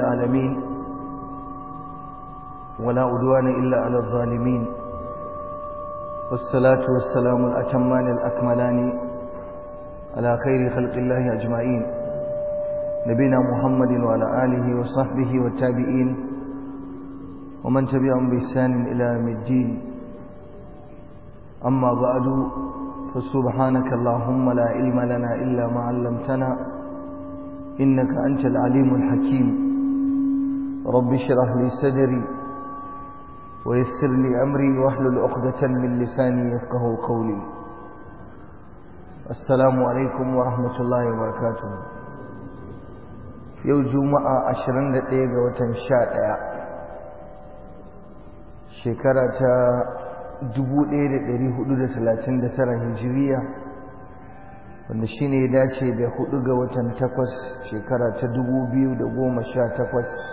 العالمين ولا عدوان إلا على الظالمين والصلاة والسلام الأتمان الأكملان على خير خلق الله أجمعين نبينا محمد وعلى آله وصحبه والتابعين ومن تبعهم بإحسان إلى يوم الدين أما بعد فسبحانك اللهم لا علم لنا إلا ما علمتنا إنك أنت العليم الحكيم رب اشرح لي صدري ويسر لي أمري واحلل عقدة من لساني يفقه قولي السلام عليكم ورحمة الله وبركاته يو جمعة عشرين دقيقة وتنشاء شكرة 1439 دترا هجرية ونشيني داتي dace da شكرا تا دبو بيو دبو ta 2018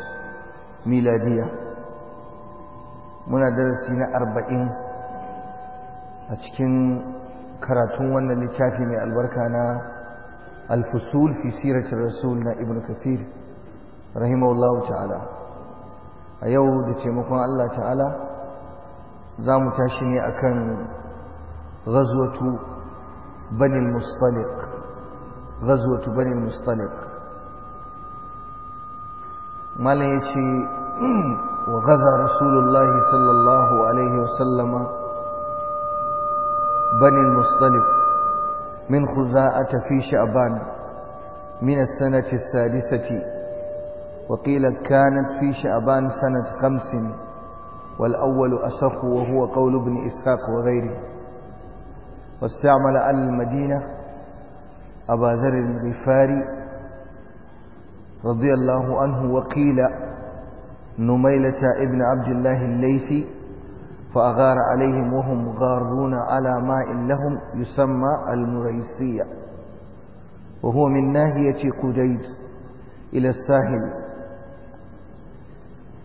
miladiya muna darasi na arba'in a cikin karatun wannan littafi mai albarka na alfusul fi siratin rasul na ibn kasir rahimahullahu ta'ala a yau da taimakon allah ta'ala za mu tashi ne akan غزوة بني المصطلق غزوة ملشي وغذا رسول الله صلى الله عليه وسلم بني المصطلف من خزاءة في شعبان من السنة السادسة وقيل كانت في شعبان سنة خمس والأول أسف وهو قول ابن إسحاق وغيره واستعمل المدينة أبا ذر الغفاري رضي الله عنه وقيل نميلة ابن عبد الله الليثي فأغار عليهم وهم غارون على ماء لهم يسمى المريسية وهو من ناهية قديد إلى الساحل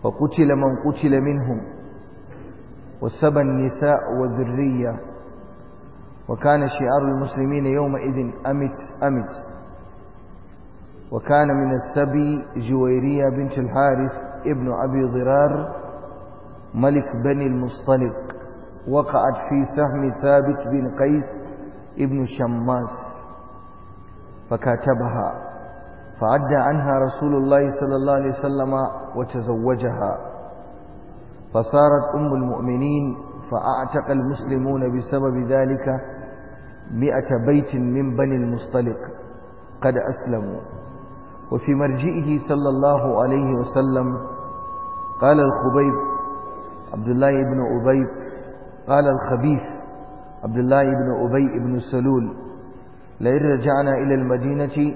فقتل من قتل منهم وسبى النساء وذرية وكان شعار المسلمين يومئذ أمت أمت وكان من السبي جويرية بنت الحارث ابن أبي ضرار ملك بني المصطلق وقعت في سهم ثابت بن قيس ابن شماس فكاتبها فعدى عنها رسول الله صلى الله عليه وسلم وتزوجها فصارت أم المؤمنين فأعتق المسلمون بسبب ذلك مئة بيت من بني المصطلق قد أسلموا وفي مرجئه صلى الله عليه وسلم قال الخبيب عبد الله بن أبي قال الخبيث عبد الله بن أبي بن سلول لئن رجعنا إلى المدينة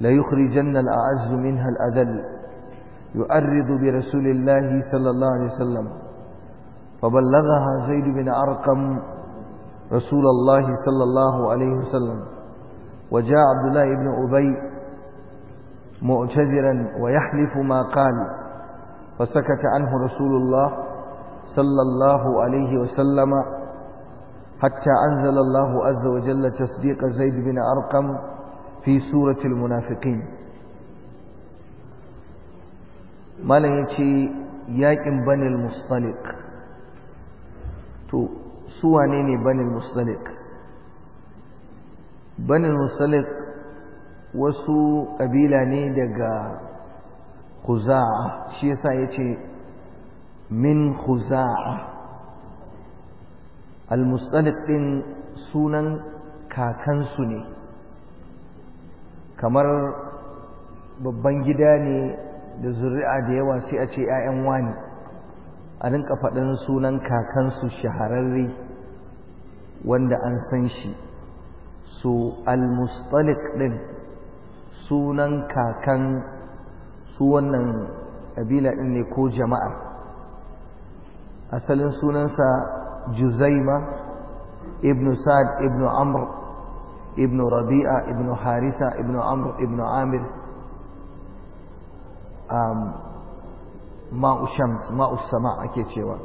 ليخرجن الأعز منها الأذل يؤرض برسول الله صلى الله عليه وسلم فبلغها زيد بن أرقم رسول الله صلى الله عليه وسلم وجاء عبد الله بن أبي معتذرا ويحلف ما قال فسكت عنه رسول الله صلى الله عليه وسلم حتى أنزل الله عز وجل تصديق زيد بن أرقم في سورة المنافقين ما يتي yakin banil mustalik to su wane ne banil mustalik banil mustalik wasu ƙabila ne daga huza, shi yasa ce min huza? al ɗin ɗin sunan kakansu ne kamar babban gida ne da zuri'a da yawa sai a ce 'ya'yan wani a rinka faɗin sunan kakansu shahararre wanda an san shi su al ɗin ɗin sunan kakan su wannan ƙabila ɗin ne ko jama'a asalin sunansa juzaima ibn sa'ad ibn amr ibn rabi'a ibn harisa ibn amr ibn amir um, ma'u shams ma'u ake cewa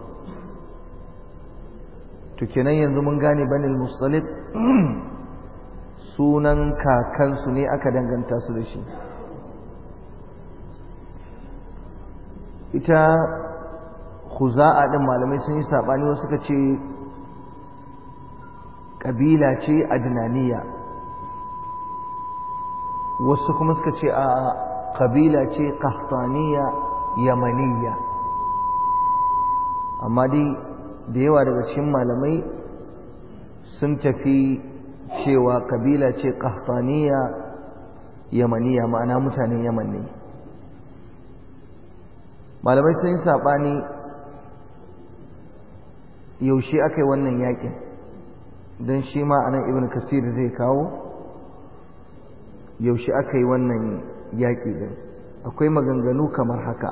to kenan yanzu mun gane banil mustalib sunan kakansu ne aka danganta su da shi ita ku khuza'a ɗin malamai sun yi saɓani wasu suka ce ƙabila ce adnaniya wasu kuma suka ce a ƙabila ce ƙahtaniya yamaniya amma dai da yawa daga cikin malamai sun tafi cewa kabila ce qahtaniya yamaniya ma'ana mutanen yaman ne malamai sun yi saɓani yaushe aka yi wannan yakin don shi ma anan ibn kasir zai kawo yaushe aka yi wannan yaƙi din akwai maganganu kamar haka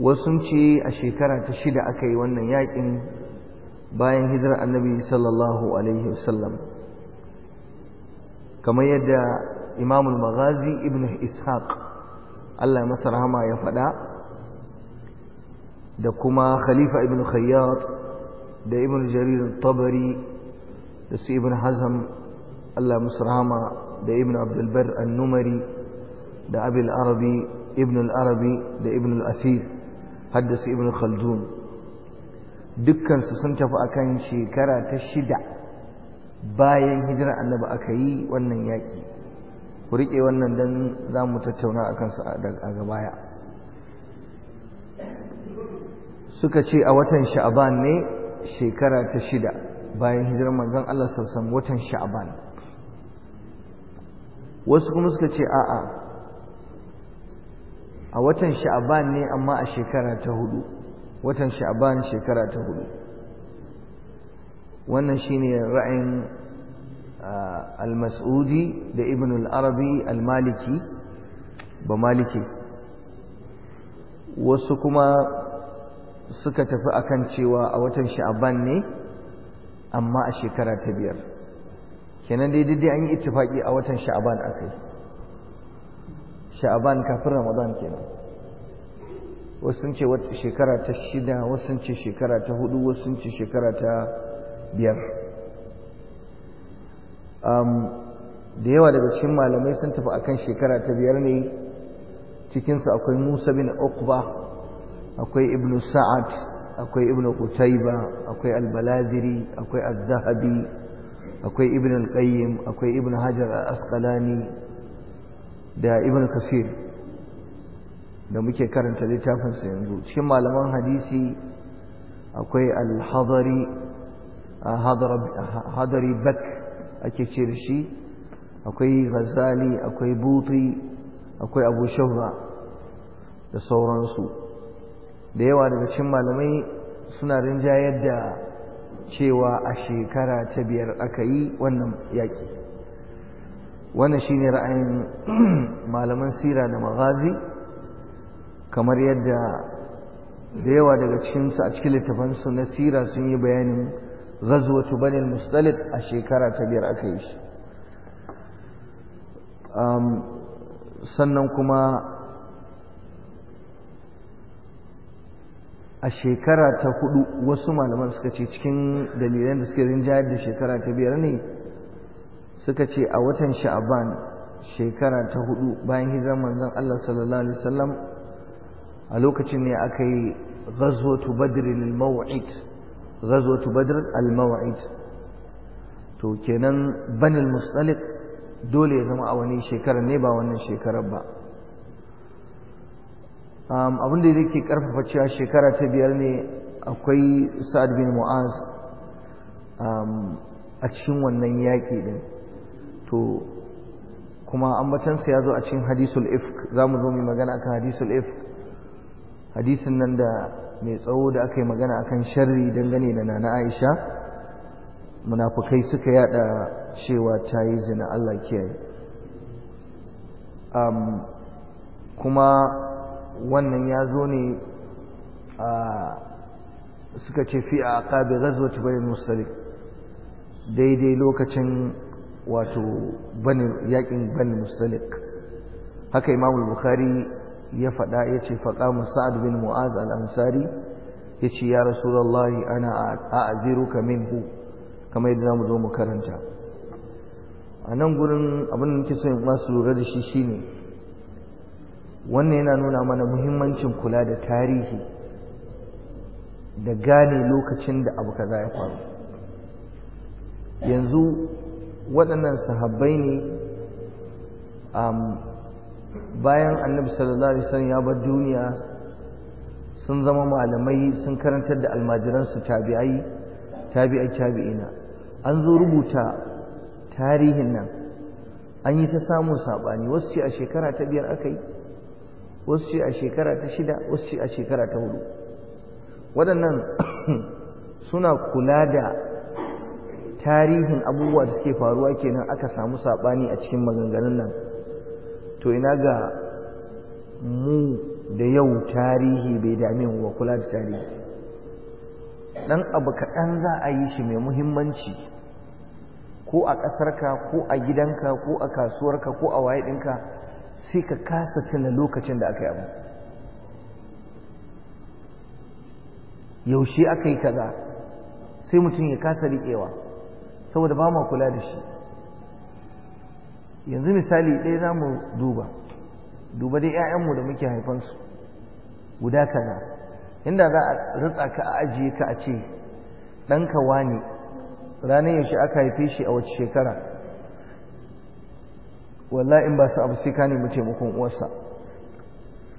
wasu ce a shekara ta shida aka yi wannan yaƙin bayan hijirar annabi sallallahu alaihi wasallam kamar yadda imamul maghazi ibn ishaq Allah ya masa rahama ya faɗa da kuma khalifa ibn khayyat da ibn jarir tabari da su ibn hazm Allah ya masa rahama da ibn abdulbar annumari da abil arabi ibn al-arabi da ibn al-asir haddasa ibn khaldun dukkansu sun tafi akan shekara ta shida bayan hijirar annabi aka yi wannan yaƙi ku riƙe wannan don za mu tattauna a kansu a gabaya suka ce a watan sha'aban ne shekara ta shida bayan hijirar manzon Allah sassan watan sha'aban wasu kuma suka ce a'a a watan sha'aban ne amma a shekara ta hudu watan sha'ban shekara ta hudu wannan shine ra'ayin al-mas'udi da ibn al-arabi al-maliki ba maliki wasu kuma suka tafi akan cewa a watan sha'ban ne amma a shekara ta biyar kenan dai dai an yi ittifaki a watan sha'ban akai sha'ban kafin ramadan kenan wasu sun ce wata shekara ta shida wasu ce shekara ta hudu wasu ce shekara ta biyar da yawa daga cikin malamai sun tafi akan shekara ta biyar ne cikinsu akwai musa bin okuba akwai ibnu sa'ad akwai ibnu qutayba akwai albalaziri akwai az akwai ibnu al akwai ibnu hajar a Askalani, da ibnu kasir da muke karanta littafinsa yanzu cikin malaman hadisi akwai al-hadari hadari bak ake ce shi akwai ghazali akwai buti akwai abu shahra da sauransu da yawa daga cikin malamai suna rinjayar da cewa a shekara ta biyar aka yi wannan yaƙi wannan shine ra'ayin malaman sira da magazi kamar yadda da yawa daga cikinsu a cikin littafansu na sira sun yi bayanin ghazwatu bani mustalid a shekara ta biyar aka yi shi sannan kuma a shekara ta hudu wasu malaman suka ce cikin dalilan da suke rinjayar da shekara ta biyar ne suka ce a watan sha'aban shekara ta hudu bayan hijirar manzon Allah sallallahu alaihi wasallam a lokacin ne aka yi ghazwatu badr al-maw'id ghazwatu badr al-maw'id to kenan banil mustalik dole ya zama a wani shekarar ne ba wannan shekarar ba abin da yake karfafa cewa shekara ta biyar ne akwai sa'ad bin mu'az a cikin wannan yaƙi din to kuma ambatansa ya zo a cikin hadisul ifk za mu zo mai magana akan hadisul ifk hadisin nan da mai tsawo da aka yi magana akan sharri dangane da nana Aisha munafukai suka yada cewa ta yi zina Allah kiyaye um, kuma wannan ya zo ne a suka ce fi a aqabi ta bayan musulmi daidai lokacin wato yakin bani musulmi haka imamul bukhari ya faɗa ya ce faɗa sa'ad bin mu'az al-ansari ya ce ya rasulallahi ana a kamin ku? kamar yadda zamu zo mu karanta a nan gudun abin da nake so in masu lura da shi shi ne. wannan yana nuna mana muhimmancin kula da tarihi da gane lokacin da abu kaza ya faru yanzu waɗannan sahabbai ne bayan annabi sallallahu alaihi wasallam ya bar duniya sun zama malamai sun karantar da almajiransu tabi'ai tabi'ai tabi'ina an zo rubuta tarihin nan an yi ta samun saɓani wasu ce a shekara ta biyar aka yi wasu ce a shekara ta shida wasu ce a shekara ta hudu waɗannan suna kula da tarihin abubuwa da suke faruwa kenan aka samu saɓani a cikin maganganun nan to ina ga mu da yau tarihi bai dami wa kula da tarihi dan abu kaɗan za a yi shi mai muhimmanci ko a ƙasarka ko a gidanka ko a kasuwarka ko a waye ɗinka sai ka kasa cina lokacin da aka yi abu yaushe aka yi kaza sai mutum ya kasa riƙewa saboda ba ma kula da shi yanzu misali ɗaya za mu duba duba dai 'ya'yanmu da muke haifansu guda kaza inda za a rutsa ka a ajiye ka a ce ɗanka wani ranar yaushe aka haife shi a wace shekara walla in ba su abu sai ka nemi taimakon uwarsa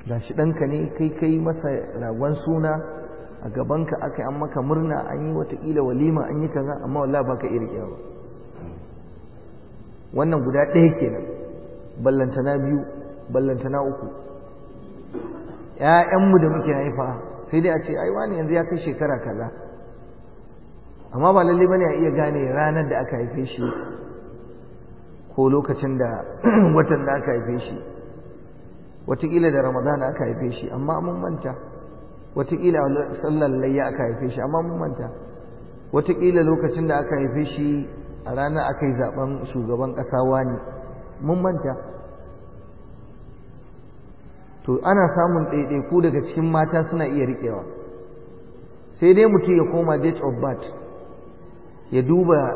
ga shi ɗanka ne kai kai masa ragon suna a gabanka aka yi an maka murna an yi watakila walima an yi kaza amma walla baka iya riƙewa ba wannan guda ɗaya kenan ballantana biyu ballantana uku ‘ya'yanmu da muke haifa sai dai a ce ai wani yanzu ya kai shekara kaza amma ba lalle bane a iya gane ranar da aka haife shi ko lokacin da watan da aka haife shi watakila da ramadan aka haife shi amma mun manta watakila sallar layya aka haife shi amma mun manta watakila lokacin da aka haife shi a ranar aka yi zaben shugaban ƙasa wani mun manta to ana samun ku daga cikin mata suna iya riƙewa sai dai mutum ya koma date of birth ya duba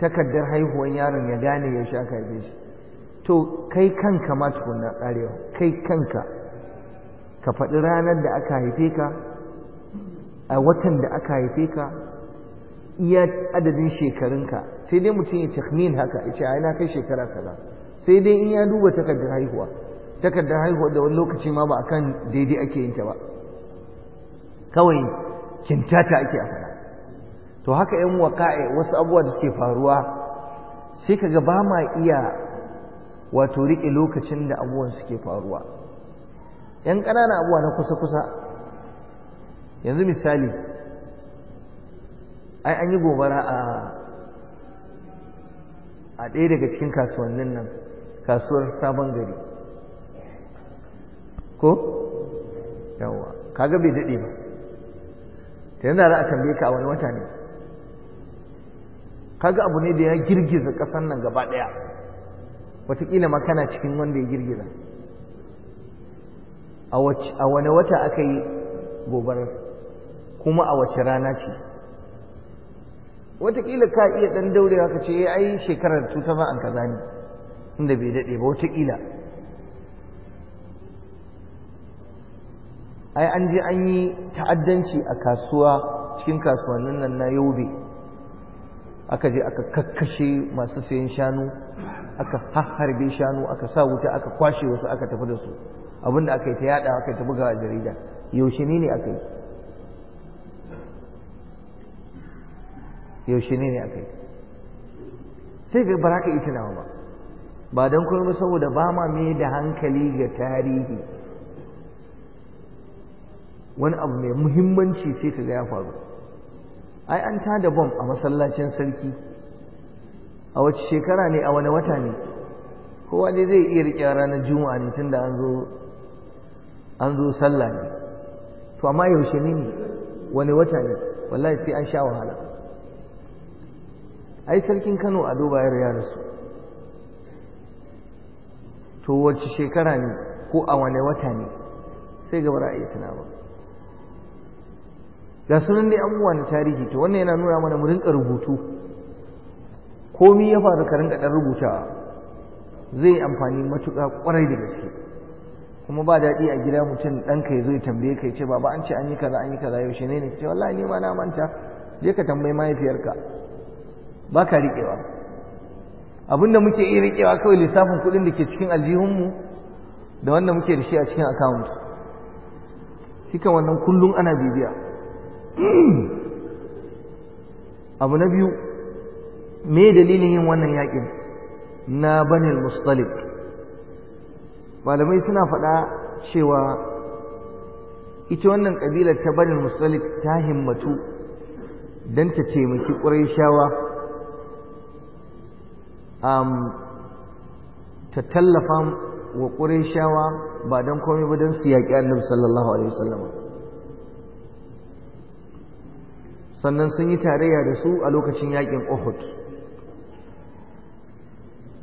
takardar haihuwan yaron ya gane ya sha karfe shi to kai kanka ma tukunna ƙarewa kai kanka ka faɗi ranar da aka haife ka a watan da aka haife ka iya adadin shekarunka sai dai mutum ya takmin haka ya ce a kai shekara kaza sai dai in ya duba takardar haihuwa takardar haihuwa da wani lokaci ma ba a kan daidai ake yin ta ba kawai kintata ake a faɗa to haka yan waƙa'i wasu abubuwa da suke faruwa sai ka ba ma iya wato riƙe lokacin da abubuwan suke faruwa yan ƙananan abubuwa na kusa-kusa yanzu misali ai an yi gobara a a ɗaya daga cikin kasuwannin nan kasuwar sabon gari ko yawa kaga bai daɗe ba ta yana za tambaye ka a wani wata ne kaga abu ne da ya girgiza ƙasar nan gaba ɗaya wataƙila ma kana cikin wanda ya girgiza a wani wata aka yi gobarar kuma a wace rana ce wataƙila ka iya ɗan daurewa ka ce eh, ai shekarar an kaza ne inda bai daɗe ba wataƙila ai an je an yi ta'addanci a kasuwa cikin kasuwannin nan na yobe aka je aka kakkashe masu sayan shanu aka harbe shanu aka sa wuta aka kwashe wasu aka tafi da su abinda aka yi ta yada aka yi ta buga jarida yaushe ne ne aka yi yaushe ne ne kai? sai ga ba ka ita nawa ba ba don kuma saboda ba ma mai da hankali ga tarihi wani abu mai muhimmanci sai ka ga ya faru ai an tada bom a masallacin sarki a wace shekara ne a wani wata ne kowa ne zai iya riƙe ranar juma'a ne tunda an zo an zo sallah ne to amma yaushe ne ne wani wata ne wallahi sai an sha wahala ai sarkin Kano a duba ya rasu to wacce shekara ne ko a wane wata ne sai gaba ra'ayi tana ba ga sunan dai abubuwa na tarihi to wannan yana nuna mana mu rinka rubutu komi ya faru ka rinka dan rubutawa zai yi amfani matuƙa ƙwarai da gaske kuma ba daɗi a gida mutum ɗanka ya zo ya tambaye ka ya ce baba an ce an yi kaza an yi kaza yaushe ne ne ce wallahi ni ma na manta je ka tambayi mahaifiyarka ba ka riƙewa abinda muke iya riƙewa kawai lissafin kuɗin da ke cikin aljihunmu da wanda muke da shi a cikin akawunt shi kan wannan kullum ana bibiya abu na biyu me dalilin yin wannan yaƙin na banil mustalib malamai suna faɗa cewa ita wannan ƙabilar ta banil mustalib ta himmatu don ta taimaki shawa. Um, ta tallafa wa ƙurashawa ba don komai ba don su yaƙi annabi sallallahu alaihi wasallam sannan sun yi tarayya da su a lokacin yaƙin Uhud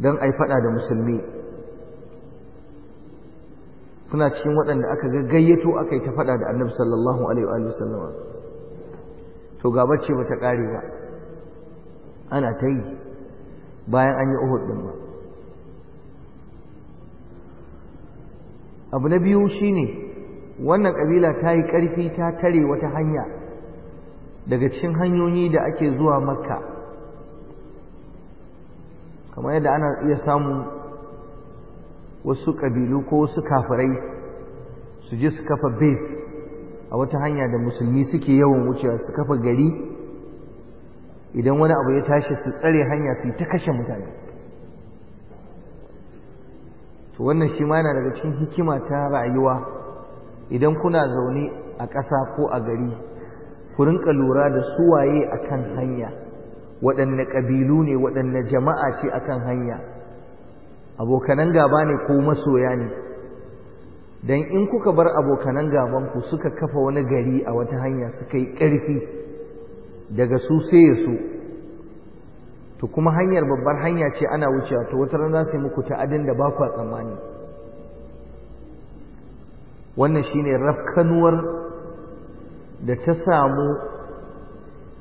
don a yi faɗa da musulmi suna cikin waɗanda aka gayyato aka yi ta faɗa da annabi sallallahu alaihi wasallam to gabar ce ba ta ƙare ba ana ta yi bayan an yi uhud din ba abu na biyu shine wannan ƙabila ta yi ƙarfi ta tare wata hanya daga cikin hanyoyi da ake zuwa makka kamar yadda ana iya samun wasu ƙabilu ko wasu kafirai su je su kafa base a wata hanya da musulmi suke yawan wucewa su kafa gari idan wani abu ya tashi su tsare hanya su ta kashe mutane to wannan shi ma yana daga cikin hikima ta rayuwa idan kuna zaune a ƙasa ko a gari ku rinka lura da suwaye a kan hanya waɗanne ƙabilu ne waɗanne jama'a ce a kan hanya abokanan gaba ne ko masoya ne don in kuka bar abokanan gabanku suka kafa wani gari a wata hanya suka yi ƙarfi daga su sai su to kuma hanyar babbar hanya ce ana wucewa to wata rana sai muku ta ta'adin da ba ku tsammani wannan shine rafkanuwar da ta samu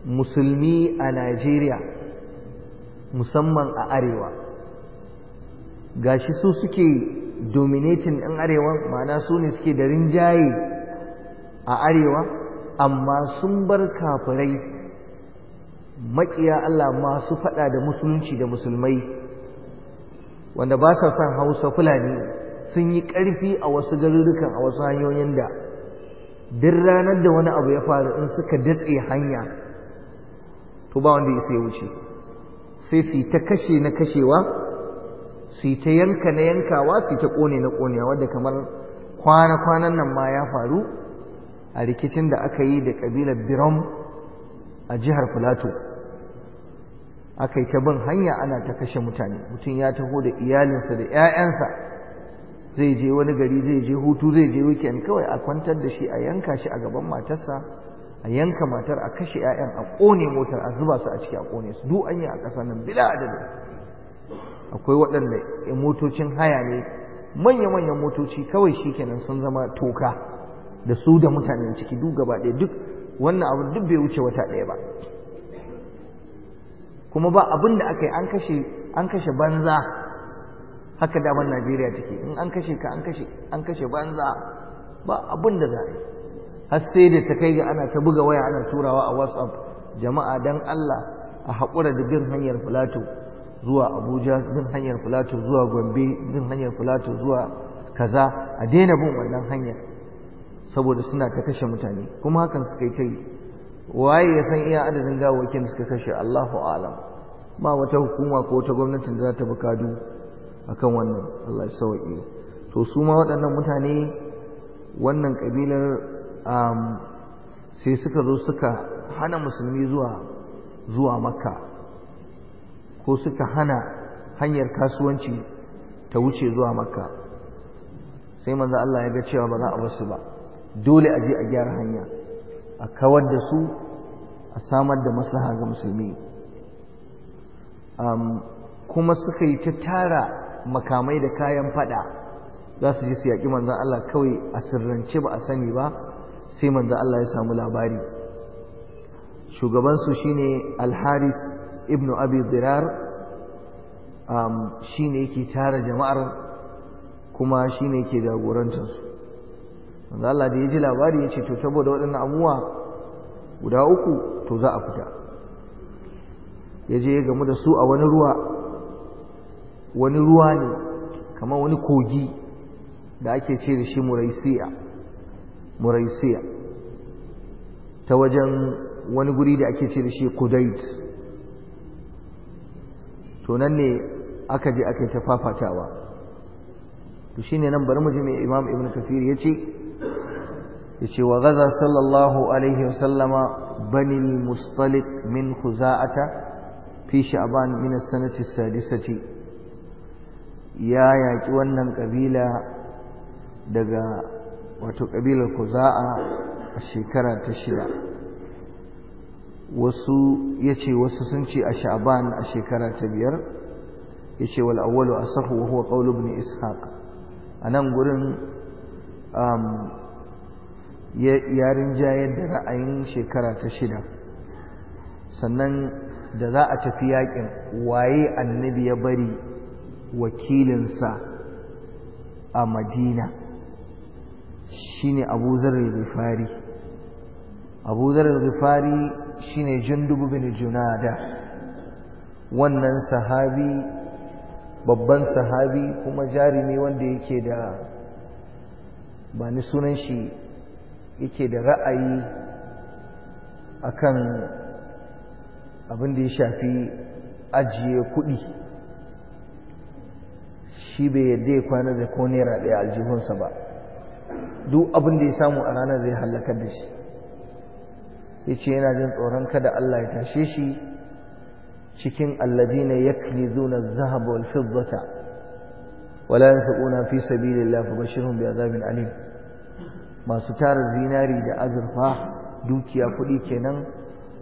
musulmi a Najeriya musamman a arewa gashi su suke dominating ɗin arewa ma'ana su ne suke da rinjaye a arewa amma sun bar kafirai maƙiya Allah masu faɗa da musulunci da musulmai wanda ba sa son hausa fulani sun yi ƙarfi a wasu garurrukan a wasu hanyoyin da duk ranar da wani abu ya faru in suka datse hanya to ba wanda ya wuce sai su yi ta kashe na kashewa su yi ta yanka na yankawa su yi ta ƙone na ƙonewa wadda kamar kwana-kwanan nan ma ya faru a rikicin da aka yi da ƙabilar birom a jihar filato aka yi ta bin hanya ana ta kashe mutane mutum ya taho da iyalinsa da 'ya'yansa zai je wani gari zai je hutu zai je weekend kawai a kwantar da shi a yanka shi a gaban matarsa a yanka matar a kashe 'ya'yan a ƙone motar a zuba su a ciki a ƙone su duk an yi a ƙasar nan bila adadin akwai waɗanda motocin haya ne manya-manyan motoci kawai shi kenan sun zama toka da su da mutanen ciki duk gaba ɗaya duk wannan abu duk bai wuce wata ɗaya ba kuma ba abin da aka yi an kashe banza haka damar Najeriya take in an kashe ka an kashe banza ba abin da za a har sai da ta kai ga ana ta buga waya ana turawa a WhatsApp jama'a dan Allah a haƙura da bin hanyar Filato zuwa Abuja bin hanyar Filato zuwa Gombe bin hanyar Filato zuwa kaza a daina bin wannan hanyar saboda suna ta kashe mutane kuma hakan suka yi waye ya san iya adadin gawakin da suka kashe Allahu alam ba wata hukuma ko ta gwamnatin da za ta bukadu akan wannan Allah ya sauke to su ma waɗannan mutane wannan kabilar um, sai suka zo suka hana musulmi zuwa zuwa makka ko suka hana hanyar kasuwanci ta wuce zuwa makka sai manzo Allah ya ga cewa ba za a basu ba dole a je a gyara hanya a kawar da su a samar da maslaha ga musulmi kuma suka yi ta tara makamai da kayan fada za su ji su yaƙi manzan Allah kawai a sirrance ba a sani ba sai manzan Allah ya samu labari shugabansu shine alharis ibn abi dirar shine yake tara jama'ar kuma shine yake su. manzo Allah da ya ji labari ya ce to saboda waɗannan amuwa guda uku to za a fita ya je ya gamu da su a wani ruwa wani ruwa ne kamar wani kogi da ake ce da shi muraisiya muraisiya ta wajen wani guri da ake ce da shi kudait to nan ne aka je aka yi ta fafatawa to shine nan bari mu ji mai imam ibn kafir ya ce yace wa gaza sallallahu alaihi wasallama bani mustalik min khuza'ata fi sha'ban min as-sanati sadisati ya yaki wannan kabila daga wato kabilar khuza'a a shekara ta shida wasu yace wasu sun ce a sha'ban a shekara ta biyar yace wal awwalu asahu wa huwa qawlu ibn ishaq anan gurin um, Yarin rinjayar da ra'ayin shekara ta shida sannan da za a tafi yakin waye annabi ya bari wakilinsa a madina ne abu zarar rufari abu zarar ne shine dubu bin junada wannan sahabi babban sahabi kuma jarumi wanda yake da ba ni sunan shi yake da ra'ayi akan abin da ya shafi ajiye kuɗi shi bai yadda ya kwana da ko naira ɗaya aljihunsa ba duk abin da ya samu a ranar zai halakar da shi ya ce yana jin tsoron kada Allah ya tashe shi cikin alladina ya kilizuna zahab wal fiddata wala yanfiquna fi sabilillah fa bashirhum bi azabin alim masu tara zinari da azurfa dukiya kuɗi kenan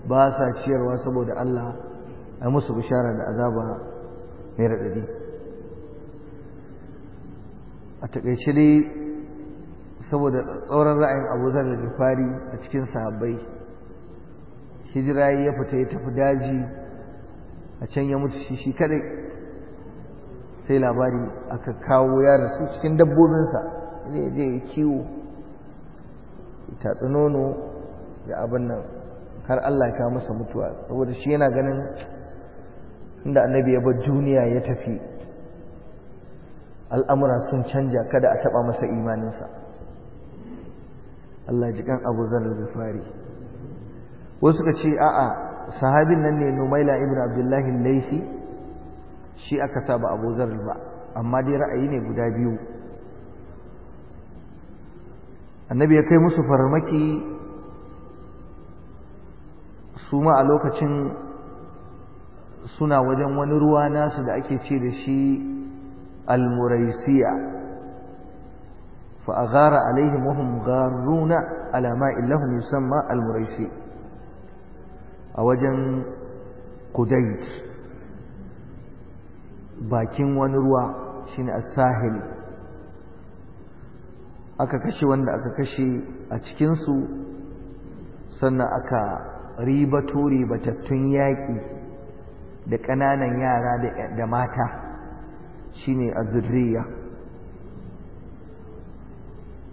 ba sa ciyarwa saboda Allah a musu bishara da azaba mai raɗaɗi a taƙaice dai saboda tsauran ra'ayin Abu zan da fari a cikin sahabbai hijira ya fita ya tafi daji a can ya mutu shi shi kadai sai labari aka kawo ya rasu cikin dabbobinsa ne je kiwo itatsi nono da abin nan har Allah ya kawo masa mutuwa saboda shi yana ganin inda annabi ya bar duniya ya tafi al'amura sun canja kada a taba masa imaninsa Allah ji kan abu zarar wasu suka ce a'a sahabin nan ne numaila ibn abdullahi laisi shi aka saba abu zarar ba amma dai ra'ayi ne guda biyu annabi ya kai musu farmaki su ma a lokacin suna wajen wani ruwa nasu da ake ce da shi almuraisiya fa gara alaihim wa hum gharuna ala ma'in almuraisi a wajen kudait bakin wani ruwa shine as-sahil aka kashe wanda aka kashe a cikinsu sannan aka ribato ribatattun yaƙi da ƙananan yara da mata shine a zurriya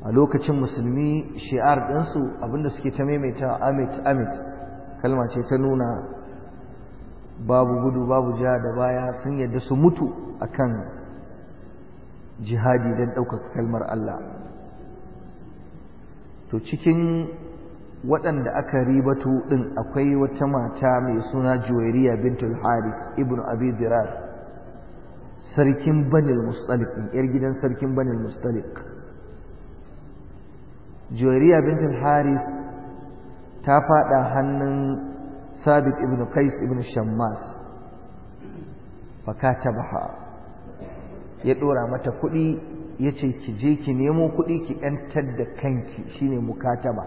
a lokacin musulmi shi'ar ɗinsu abinda suke ta maimaita amit amit kalma ce ta nuna babu gudu babu ja da baya sun yadda su mutu akan jihadi don ɗaukaka kalmar Allah to cikin waɗanda aka ribatu ɗin akwai wata mata mai suna juwairiya bintul harith ibn abi dirar sarkin banil mustalik yar gidan sarkin banil mustalik juwairiya bintul harith ta faɗa hannun sabit Ibn qais Ibn shammas ta baha. ya ɗora mata kuɗi ya ce ki je ki nemo kuɗi ki ‘yantar da kanki shi shine mukataba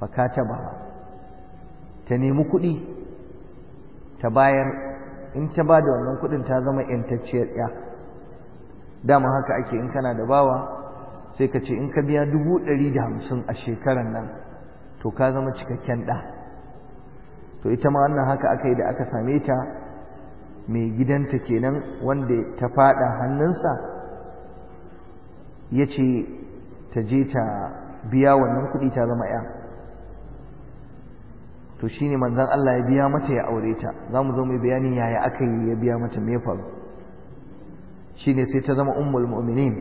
ba ta nemi kuɗi ta bayar in ta ba da wannan kuɗin ta zama ‘yantacciyar ya dama haka ake in kana da bawa sai ka ce in ka biya dubu ɗari da hamsin a shekaran nan to ka zama cikakken ɗa to ita ma wannan haka aka yi da aka same ta mai gidanta kenan wanda ta faɗa hannunsa ya ce ta je ta biya wannan kuɗi ta zama ya to shi ne manzan Allah ya biya mata ya aure ta za mu zo mai bayani ya aka yi ya biya mata mai shi ne sai ta zama ummul mu'minin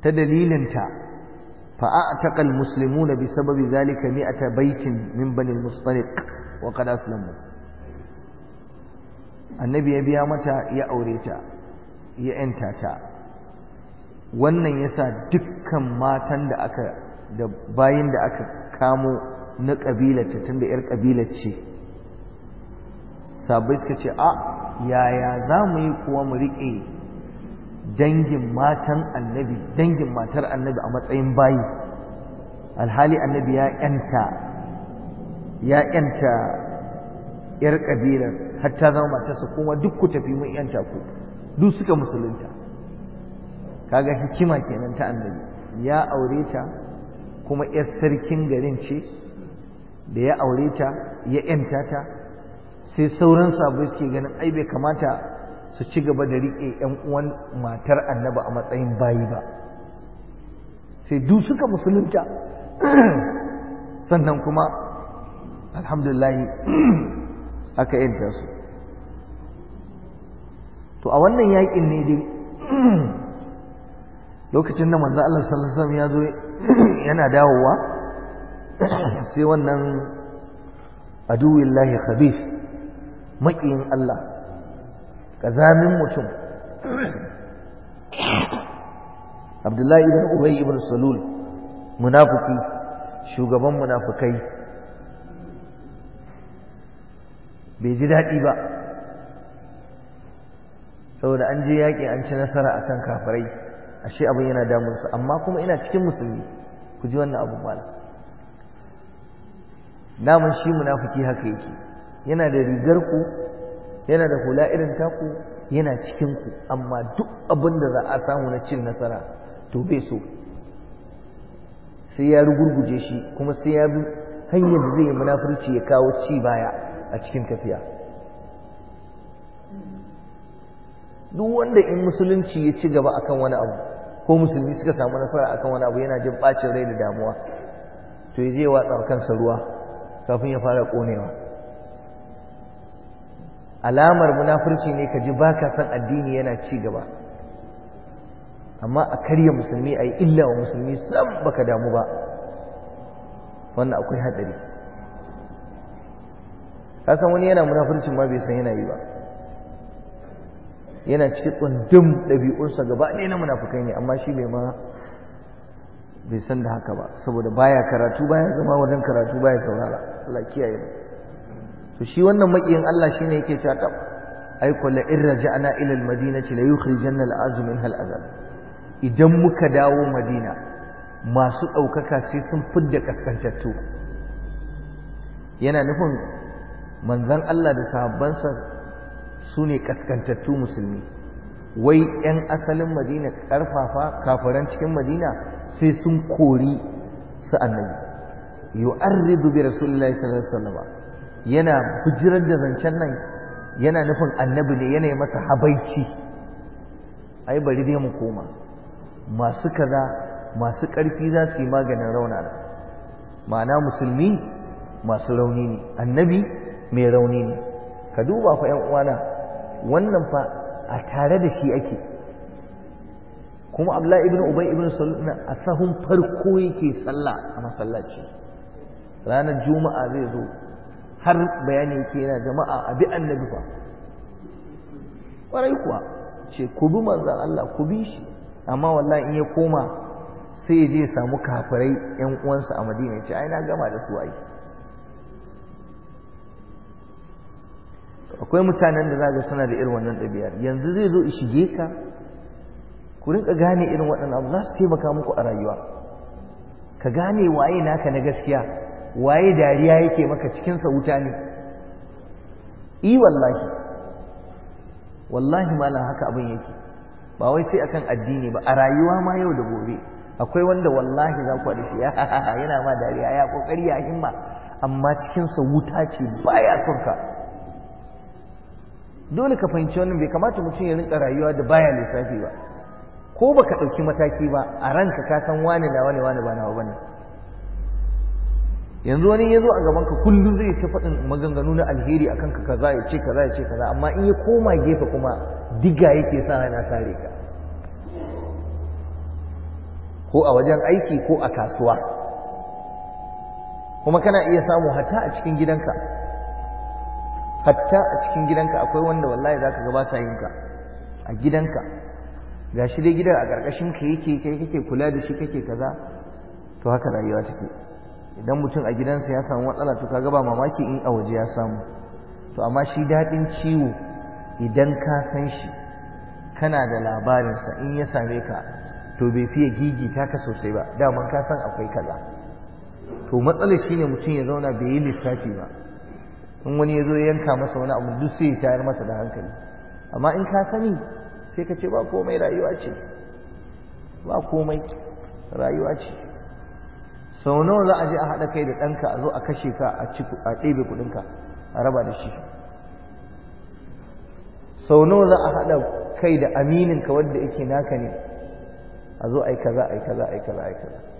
ta dalilinta fa'ataqal na bi sababi zalika mi'ata baitin min bani mustaliq wa qad aslamu annabi ya biya mata ya aure ta ya ta wannan yasa dukkan matan da aka da bayin da aka kamo na kabilar tun tunda yar kabila ce sabai suka ce a ah, yaya za mu yi kuwa mu riƙe dangin matan annabi dangin matar annabi a matsayin bayi alhali annabi ya yanta ya yanta yar kabilar har ta zama matarsa kuma duk ku tafi mun yanta ku duk suka musulunta kaga hikima kenan ta annabi ya aure ta kuma yar sarkin garin ce da ya aure ta ya yanta ta sai sauran sabu suke ganin ai bai kamata su ci gaba da riƙe ƴan uwan matar annabi a matsayin bayi ba sai duk suka musulunta sannan kuma alhamdulillah aka yanta su to a wannan yakin ne dai lokacin da manzo Allah sallallahu alaihi ya zo yana dawowa sai wannan aduwillahi khabith makiyin Allah kazamin mutum Abdullahi ibn Ubay ibn Salul munafiki shugaban munafikai bai ji daɗi ba saboda an je yaƙi an ci nasara akan kafirai ashe abin yana damun su amma kuma ina cikin musulmi ku ji wannan abun mala namun shi munafiki haka yake yana da rigar ku yana da hula irin taku yana cikin ku amma duk abin da za a samu na cin nasara to bai so sai ya rugurguje shi kuma sai ya bi hanyar da zai yi munafurci ya kawo ci baya a cikin tafiya duk wanda in musulunci ya ci gaba akan wani abu ko musulmi suka samu nasara akan wani abu yana jin bacin rai da damuwa to ya je watsa kansa ruwa kafin ya fara konewa alamar munafurci ne ka ji baka san addini yana ci gaba amma a karya musulmi a illa wa musulmi san baka damu ba wannan akwai hadari kasan wani yana munafurcin ma bai san yana yi ba yana cikin tsundum ɗabi'unsa gaba ɗaya na munafukai ne amma shi mai ma bai san da haka ba saboda baya karatu baya zama wajen karatu baya saurara Allah kiyaye mu to shi wannan makiyin Allah shine yake cewa tab ai kullu in raja'na ila al-madinati la yukhrijanna al-azm minha al idan muka dawo madina masu ɗaukaka sai sun fidda kaskantattu yana nufin manzon Allah da sahabbansa su ne kaskantattu musulmi wai 'yan asalin madina karfafa kafiran cikin madina sai sun kori su annabi yu'arridu bi rasulillahi sallallahu alaihi wasallam yana bijirar da zancen nan yana nufin annabi ne yanayi masa habaici ai bari dai mu koma masu kaza masu ƙarfi za su yi maganin raunana ma'ana musulmi masu rauni ne annabi mai rauni ne ka duba fa 'yan uwana wannan fa a tare da shi ake kuma abla ibn ubay ibn salul a sahun farko yake sallah a masallaci ranar juma'a zai zo har bayani yake yana jama'a a bi annabi fa kwarai kuwa ce ku bi manzon Allah ku bi shi amma wallahi in ya koma sai ya je samu kafirai yan uwansa a Madina ya ce ai na gama da su ai akwai mutanen da za suna da irin wannan ɗabi'ar yanzu zai zo shige ka ku rinka gane irin waɗannan abu za su taimaka muku a rayuwa ka gane waye naka na gaskiya waye dariya yake maka cikinsa wuta ne i wallahi wallahi malam haka abin yake ba wai sai akan addini ba a rayuwa ma yau da gobe akwai wanda wallahi za ku haɗu shi yana ma dariya ya kokari ya himma amma sa wuta ce baya son ka dole ka fahimci wannan bai kamata mutum ya rinka rayuwa da baya lissafi ba ko baka ɗauki mataki ba a ranka ka san wane na wane wane ba nawa bane yanzu wani ya zo a gaban ka kullum zai ta faɗin maganganu na alheri akan ka kaza ya ce kaza ya ce kaza amma in ya koma gefe kuma diga yake sa yana sare ka ko a wajen aiki ko a kasuwa kuma kana iya samu hatta a cikin gidanka hatta a cikin gidanka akwai wanda wallahi za ka gabata sa a gidanka gashi dai gidan a ƙarƙashin ka yake kai kake kula da shi kake kaza to haka rayuwa take idan mutum a gidansa ya samu matsala to ka gaba mamaki in a waje ya samu to amma shi daɗin ciwo idan ka san shi kana da labarinsa in ya same ka to bai fiye gigi ka sosai ba daman ka san akwai kaza to matsalar shine mutum ya zauna bai yi lissafi ba in wani ya zo ya yanka masa wani abu duk sai ya tayar masa da hankali amma in ka sani sai ka ce ba komai rayuwa ce ba komai rayuwa ce sau nawa za a je a haɗa kai da ɗanka a zo a kashe ka a ɗebe kuɗinka a raba da shi sau nawa za a haɗa kai da amininka wadda yake naka ne a zo yi kaza-ayi kaza-ayi kaza-ayi kaza ai kaza ai kaza ai kaza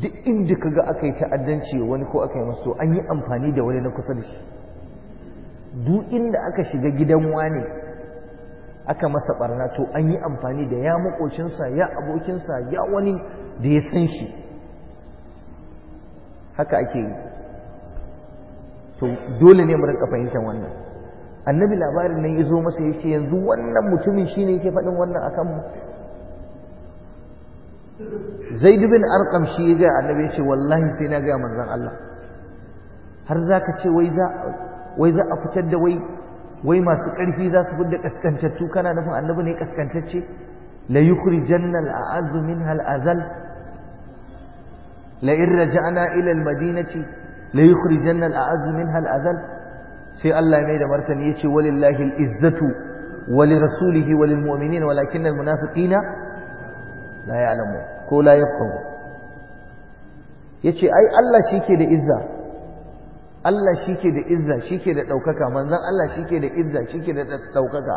duk inda kaga aka yi ta'addanci wani ko aka yi masu an yi amfani da wani na kusa da shi duk inda aka shiga gidan wani aka masa barna to an yi amfani da ya makocinsa ya abokinsa ya wani da ya san shi haka ake yi to dole ne mu rinka fahimtar wannan annabi labarin nan ya zo masa ya ce yanzu wannan mutumin shi ne yake faɗin wannan akan mu zaid bin arqam shi ya ga annabi shi wallahi sai na ga manzon Allah har zaka ce wai za wai za a fitar da wai wai masu ƙarfi za su fidda kaskantattu kana nufin annabi ne kaskantacce la yukhrijanna al-a'azzu minha al-azal la in raja'na ila al-madinati la yukhrijanna al-a'azzu minha al-azal sai Allah ya mai da martani yace walillahi al-izzatu wa li rasulihi wa lil mu'minina walakinna al-munafiqina la ya'lamun ko la ya yace ai Allah ke da izza Allah ke da izza shi ke da daukaka manzan Allah shi ke da izza shi ke da daukaka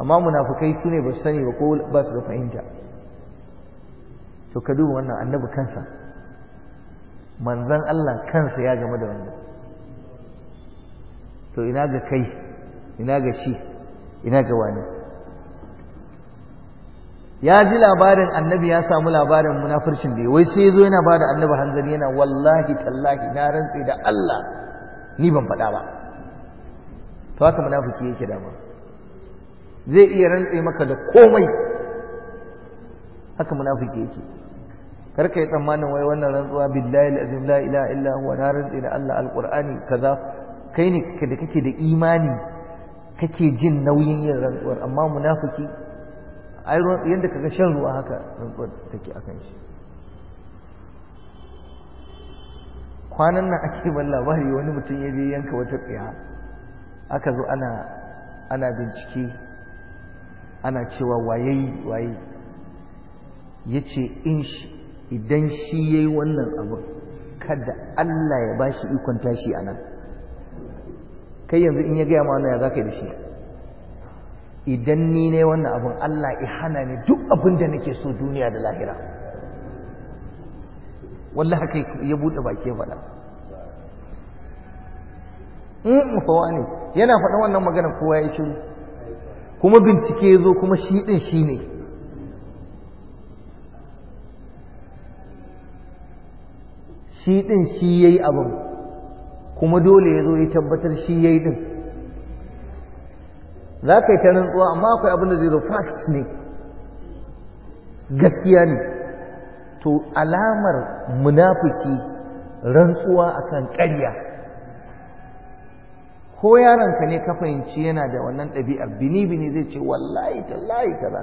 amma munafikai su ne ba su sani ba ko ba su da fahimta to ka duba wannan annabi kansa manzan Allah kansa ya gama da wannan to ina ga kai ina ga shi ina ga wani ya ji labarin annabi ya samu labarin munafircin da wai sai zo yana bada annabi hanzari yana wallahi tallahi na rantsi da Allah ni ban faɗa ba to haka munafiki yake dama zai iya rantsi maka da komai haka munafiki yake karka yi tsammanin wai wannan rantsuwa billahi alazim la ilaha illa huwa na rantsi da Allah alqur'ani kaza kai ne da kake da imani kake jin nauyin yin rantsuwar amma munafiki yadda kaga shan ruwa haka rantsuwar take akan shi kwanan nan ake ban labari wani mutum ya je yanka wata tsiya aka zo ana bincike ana cewa waye waye ya ce in shi idan shi ya yi wannan abu kada Allah ya ba shi ikon tashi a nan, kai yanzu in ya gaya ma wannan ya ka yi da shi idan ni ne wannan abin Allah ya hana ni duk abin da nake so duniya da lahira wallahi haka ya bude baki faɗa in mm, kowa mm, ne yana faɗa wannan magana kowa ya shiru kuma bincike zo kuma shi ɗin shi ne shi ɗin shi ya yi abin kuma dole ya zo ya tabbatar shi ya yi ɗin za ka yi ta rantsuwa amma akwai abin da zai zo fact ne gaskiya ne to alamar munafiki rantsuwa akan karya, ko yaronka ne ka fahimci yana da wannan ɗabi'ar bini bini zai ce wallahi tallahi kaza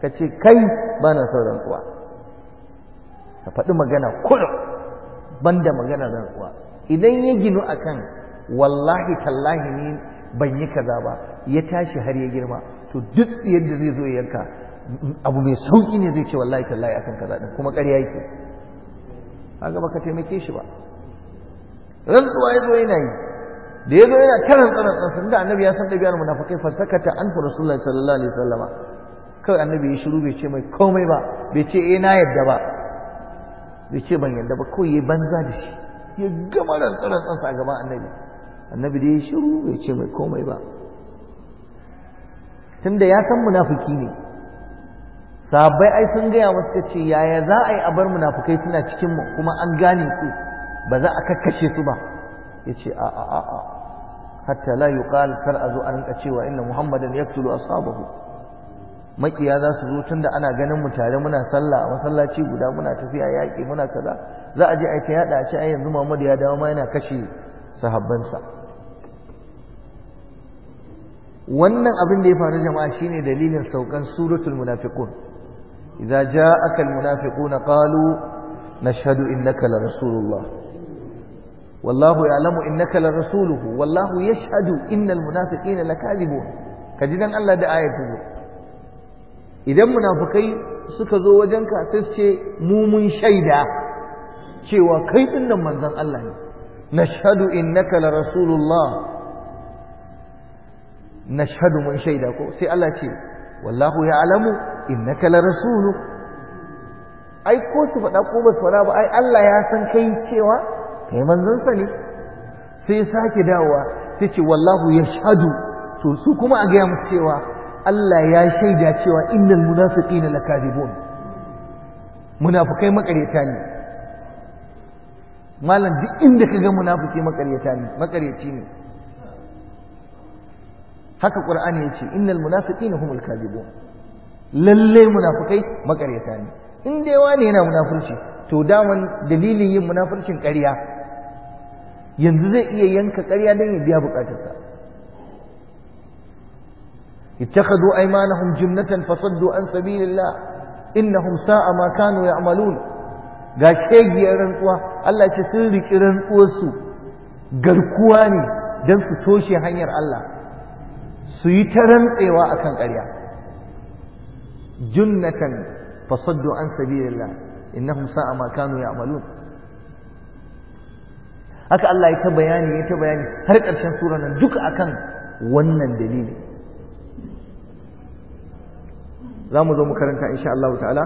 ka ce kai ba na son rantsuwa ka faɗi magana kudu banda magana rantsuwa idan ya ginu akan wallahi tallahi ne ban yi kaza ba ya tashi har ya girma to duk yadda zai zo yanka abu mai sauki ne zai ce wallahi tallahi akan kaza din kuma ƙarya yake haka baka taimake shi ba rantsuwa ya zo yana yi da ya zo yana karin tsaron tsansa da annabi ya san ɗabi'ar munafikai fasakata an fi rasulullahi sallallahu alaihi wasallama kawai annabi ya shiru bai ce mai komai ba bai ce eh na yadda ba bai ce ban yadda ba kawai ya banza da shi ya gama rantsuwa tsansa a gaban annabi annabi da ya shiru bai ce mai komai ba tunda ya san munafiki ne sahabbai ai sun gaya masu ce yaya za a yi a bar munafukai suna cikin kuma an gane su ba za a kakkashe su ba ce a a a a hatta la yuqal kar a zo a rinka cewa inna muhammadan a sababu makiya za su zo tunda ana ganin mu tare muna sallah a masallaci guda muna tafiya yaƙi muna kaza za a je aika yada a ce ai yanzu Muhammad ya dawo ma yana kashe sahabbansa wannan abin da ya faru jama'a shine dalilin saukan suratul munafiqun idza ja'aka al munafiquna qalu nashhadu innaka la rasulullah wallahu ya'lamu innaka la rasuluhu wallahu yashhadu innal munafiqina lakadibun kaji dan Allah da ayatu idan munafikai suka zo wajenka sai su ce mu mun shaida cewa kai dinnan manzon Allah ne nashhadu innaka la rasulullah nashhadu mun shaida ko sai Allah ce wallahu ya'lamu innaka la rasulu ai ko su faɗa ko ba su faɗa ba ai Allah ya san kai cewa kai manzon sa ne sai sake dawowa sai ce wallahu yashhadu to su kuma a gaya mu cewa Allah ya shaida cewa innal munafiqina lakadibun munafikai makaryata ne malam duk inda kaga munafiki makaryata ne makaryaci ne haka qur'ani yace innal munafiqina humul kadhibun lalle munafikai makaryata ne in dai wani yana munafurci to daman dalilin yin munafurcin ƙarya yanzu zai iya yanka ƙarya don ya biya buƙatarsa ittakhadhu aymanahum jumlatan fasaddu an sabilillah innahum sa'a ma kanu ya'malun ga shegiyar rantsuwa Allah ce sun riƙi rantsuwarsu garkuwa ne don su toshe hanyar Allah su yi ta rantsewa akan ƙarya junnatan fasaddu an sabilillah innahum sa'a ma kanu ya'malun haka Allah ya ta bayani ya ta bayani har ƙarshen sura nan duka akan wannan dalili za mu zo mu karanta insha Allah ta'ala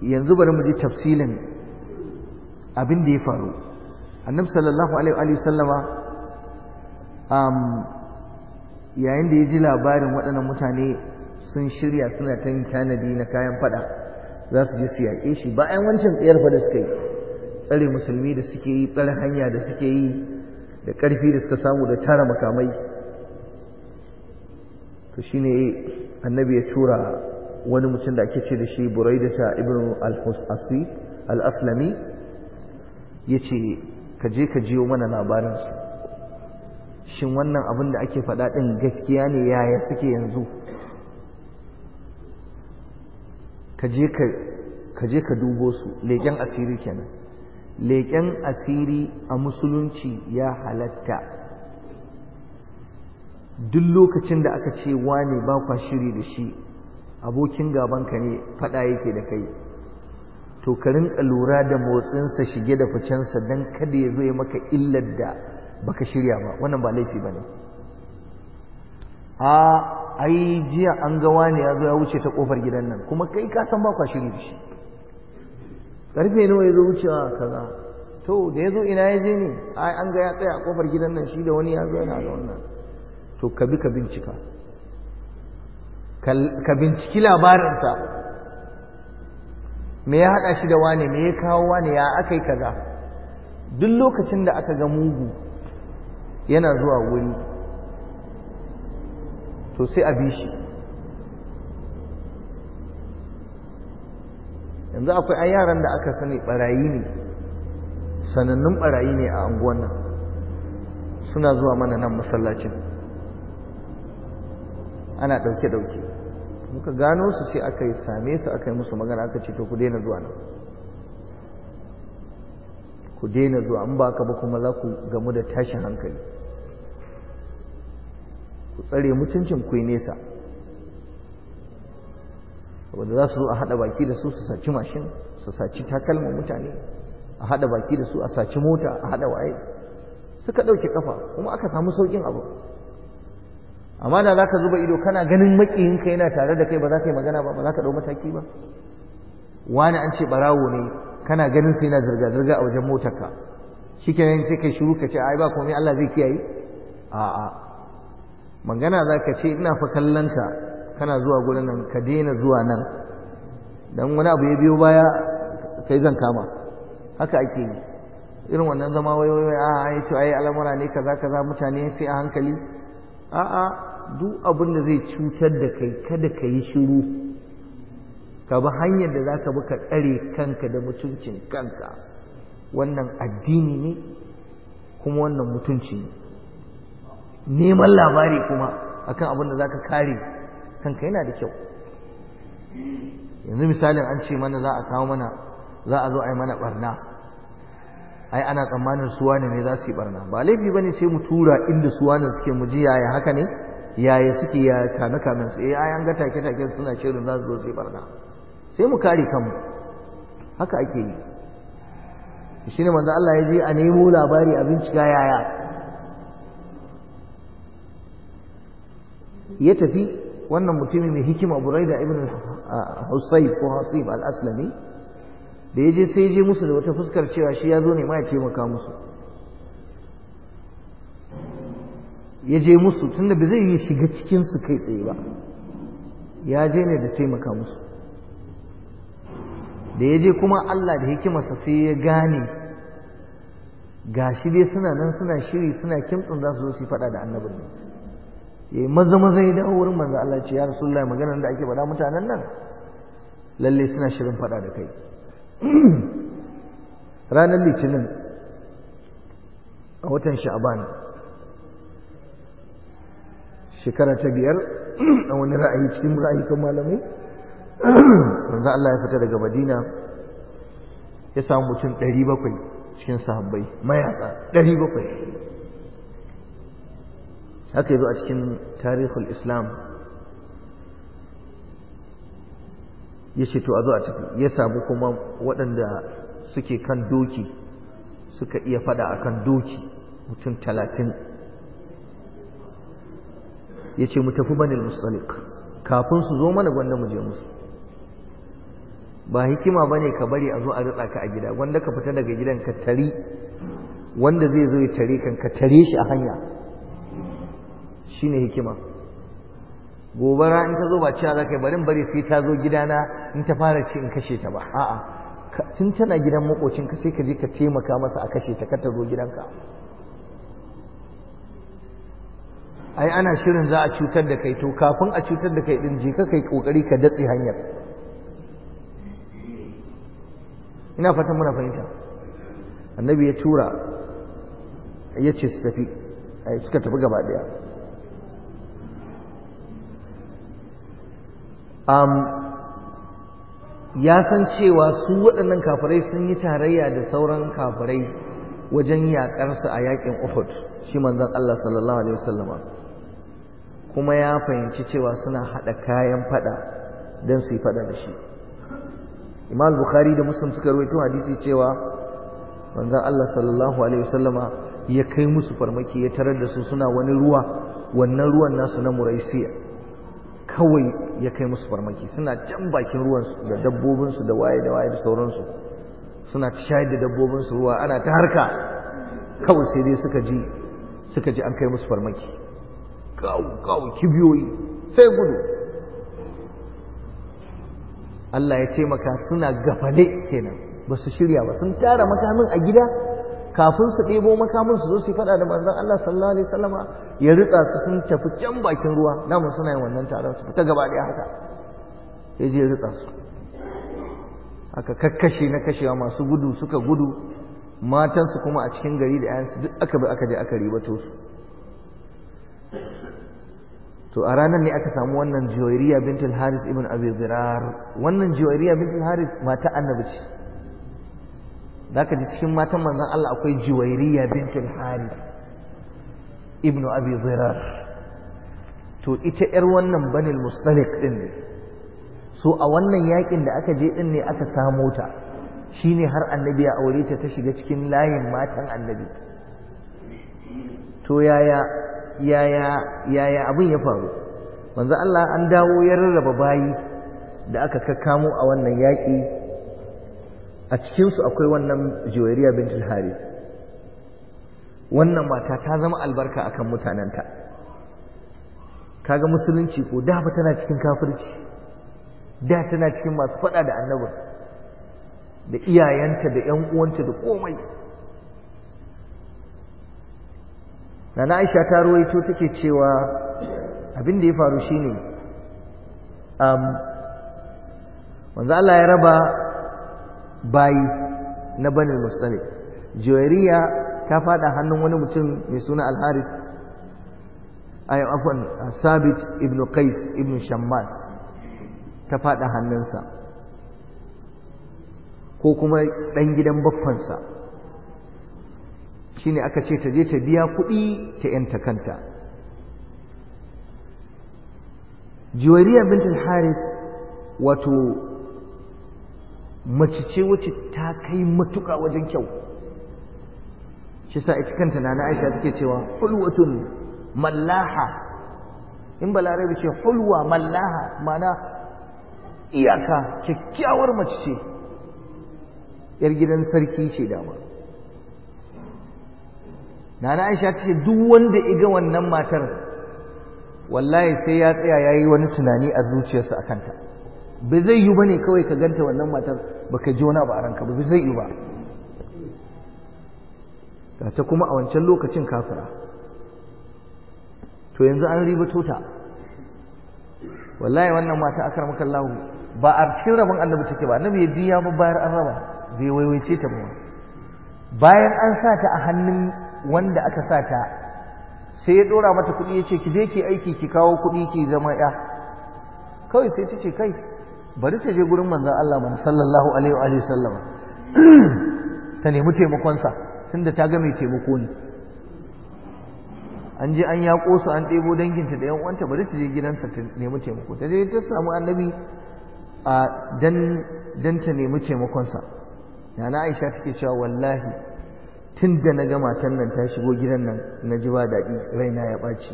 yanzu bari mu ji tafsilin abin da ya faru annabi sallallahu alaihi wa sallama yayin da ya ji labarin waɗannan mutane sun shirya suna ta yin tanadi na kayan faɗa za su je su yaƙe shi bayan wancan tsayar fada suka yi tsare musulmi da suke yi tsare hanya da suke yi da ƙarfi da suka samu da tara makamai to shine annabi ya tura wani mutum da ake ce da shi buraidata ibn al-aslami ya ce ka je ka jiyo mana labarinsu shin wannan abin da ake faɗa ɗin gaskiya ne yaya suke yanzu ka je ka dubo su leƙen asiri kenan leƙen asiri a musulunci ya halatta duk lokacin da aka ce wane ba kwa shiri da shi abokin gabanka ne faɗa yake da kai to ka rinka lura da motsinsa shige da ficensa don kada ya zo maka illar da baka shirya ba wannan ba laifi bane a ai jiya an ga wani ya zo ya wuce ta kofar gidan nan kuma kai ka san ba kwa shiri da shi karfe nawa ya zo wucewa kaza to da ya zo ina ya je ne ai an ga ya tsaya a kofar gidan nan shi da wani ya zo yana da wannan to ka bi ka bincika ka binciki labarinsa me ya haɗa shi da wane me ya kawo wane ya aka yi kaza duk lokacin da aka ga mugu yana zuwa wuri to sai a bi shi yanzu akwai an yaran da aka sani barayi ne sanannun barayi ne a anguwan nan suna zuwa mana nan masallacin ana ɗauke-ɗauke muka gano su sai aka yi same su aka yi musu magana aka ce to ku daina zuwa nan ku daina zuwa in ba ka ba kuma za ku gamu da tashin hankali ku tsare mutuncin ku nesa wanda za su zo a haɗa baki da su su saci mashin su saci takalma mutane a haɗa baki da su a saci mota a haɗa waye suka ɗauke kafa kuma aka samu sauƙin abu amma da za ka zuba ido kana ganin ka yana tare da kai ba za ka yi magana ba ba za ka ɗau mataki ba wani an ce ɓarawo ne kana ganin sai yana zirga-zirga a wajen motarka shi kenan sai kai shiru ka ce ai ba komai Allah zai kiyaye a'a magana za ka ce ina fa kallon kana zuwa gurin nan ka daina zuwa nan don wani abu ya biyo baya kai zan kama haka ake yi irin wannan zama wai wai a ai to ai al'amura ne kaza kaza mutane sai a hankali a a duk abin da zai cutar da kai kada ka yi shiru ka bi hanyar da za ka bi ka tsare kanka da mutuncin kanka wannan addini ne kuma wannan mutunci ne neman labari kuma akan abin da zaka kare kanka yana da kyau yanzu misalin an ce mana za a kawo mana za a zo a yi mana barna ai ana tsammanin suwa ne za su yi barna ba laifi ba ne sai mu tura inda suwa ne suke mu ji yaya haka ne yaya suke ya kame kamen su eh ai an ga take take suna shirin za su zo su yi barna sai mu kare kanmu haka ake yi shine manzo Allah ya je a nemo labari a bincika yaya ya tafi wannan mutumin mai hikima buraida ibn husayb ko hasib al-aslami da ya sai je musu da wata fuskar cewa shi ya zo ne ma ya taimaka musu ya je musu tunda ba zai yi shiga cikinsu kai tsaye ba ya je ne da taimaka musu da ya je kuma Allah da hikimarsa sai ya gane ga shi dai suna nan suna shiri suna kimtsin za su zo su faɗa da annabin nan yayi maza maza ya dawo wurin manzo Allah ce ya rasulullahi maganar da ake faɗa mutanen nan lalle suna shirin faɗa da kai ranar litinin a watan sha'ban shekara ta biyar a wani ra'ayi cikin ra'ayikan malamai manzo Allah ya fita daga Madina ya samu mutum 700 cikin sahabbai mayaka bakwai. haka zo a cikin tarihul islam ya ce to a zo a ciki ya samu kuma waɗanda suke kan doki suka iya fada a kan doki mutum talatin ya ce mu tafi banil musalik kafin su zo mana gwanda mu je musu ba hikima ba ne ka bari a zo a ritsa ka a gida wanda ka fita daga gidan ka tari wanda zai zo ya tare kan ka tare shi a hanya shine hikima gobara in ta zo ba cewa za ka yi barin bari sai ta zo gidana in ta fara ce in kashe ta ba a'a tun tana gidan makocin ka sai ka je ka taimaka masa a kashe ta kata zo gidanka ai ana shirin za a cutar da kai to kafin a cutar da kai din je ka kai kokari ka datse hanyar ina fatan muna fahimta annabi ya tura ya ce su tafi suka tafi gaba daya ya san cewa su waɗannan kafirai sun yi tarayya da sauran kafirai wajen yaƙarsa a yaƙin Uhud shi manzon Allah sallallahu alaihi wasallam kuma ya fahimci cewa suna haɗa kayan faɗa don su yi faɗa da shi Imam Bukhari da Muslim suka rawaito hadisi cewa manzon Allah sallallahu alaihi wasallam ya kai musu farmaki ya tarar da su suna wani ruwa wannan ruwan nasu na Muraisiya kawai ya kai musu farmaki suna can bakin ruwansu da dabbobinsu da waye da waye da sauransu suna shayar da dabbobinsu ruwa ana ta harka kawai sai dai suka ji suka ji an kai musu farmaki kawo kawo kibiyoyi sai gudu Allah ya taimaka suna gafale kenan ba su shirya ba sun tara makamin a gida kafin su ɗebo makamin su zo su faɗa da manzon Allah sallallahu alaihi wasallama ya ritsa su sun tafi can bakin ruwa namu suna yin wannan taron su fita gaba ɗaya haka ya je ritsa su aka kakkashe na kashewa masu gudu suka gudu matansu kuma a cikin gari da yayansu duk aka bi aka je aka ribato su to a ranar ne aka samu wannan juwairiya bintul haris ibn abi zirar wannan juwairiya bintul haris mata annabi ce za ka ji cikin matan manzan Allah akwai jiwairiya bintul hari ibnu abi zirar to ita yar wannan banil mustalik ɗin ne so a wannan yaƙin da aka je din ne aka samo ta shine har annabi ya aure ta ta shiga cikin layin matan annabi to yaya yaya yaya abin ya faru manzo Allah an dawo ya rarraba bayi da aka kakkamo a wannan yaƙi? a cikinsu akwai wannan juwairiya bintul harith wannan mata ta zama albarka akan mutanenta kaga musulunci ko da ba tana cikin kafirci da tana cikin masu fada da annabi da iyayenta da ƴan uwanta da komai Nana Aisha ta ruwaito take cewa abin da ya faru shine um manzo Allah ya raba bayi na banin musulmi juwairiya ta fada hannun wani mutum mai suna alharis ayyau afon sabit ibn qais ibn shammas ta fada hannunsa ko kuma ɗan gidan baffansa shine aka ce ta je ta biya kuɗi ta yanta kanta juwairiya Binta al-harith wato mace ce wacce ta kai matuka wajen kyau shi sa ita kanta na na aisha take cewa hulwatun mallaha in balarabe ce hulwa mallaha mana iyaka kyakkyawar mace ce yar gidan sarki ce dama na na aisha ce duk wanda iga wannan matar wallahi sai ya tsaya ya yi wani tunani a zuciyarsa a kanta ba zai yi ba ne kawai ka ganta wannan matar ba ka ji wani abu a ranka ba zai yi ba ta ta kuma a wancan lokacin kafira to yanzu an ribato ta wallahi wannan mata akar maka lahu ba a cikin rabon annabi take ba annabi ya biya ba bayar an raba bai waiwaice ta ba bayan an sa ta a hannun wanda aka sa ta sai ya dora mata kuɗi ya ce ki je ki aiki ki kawo kuɗi ki zama ya kawai sai ta ce kai bari ta je gurin manzan Allah mun sallallahu alaihi wa alihi sallama ta nemi taimakonsa tunda ta ga mai taimako ne an je an yaƙo su an ɗebo danginta da 'yan uwanta bari ta je gidansa ta nemi taimako ta je ta samu annabi a dan ta nemi taimakonsa ya na aisha take cewa wallahi tun da na ga matan nan ta shigo gidan nan na ji ba daɗi raina ya ɓaci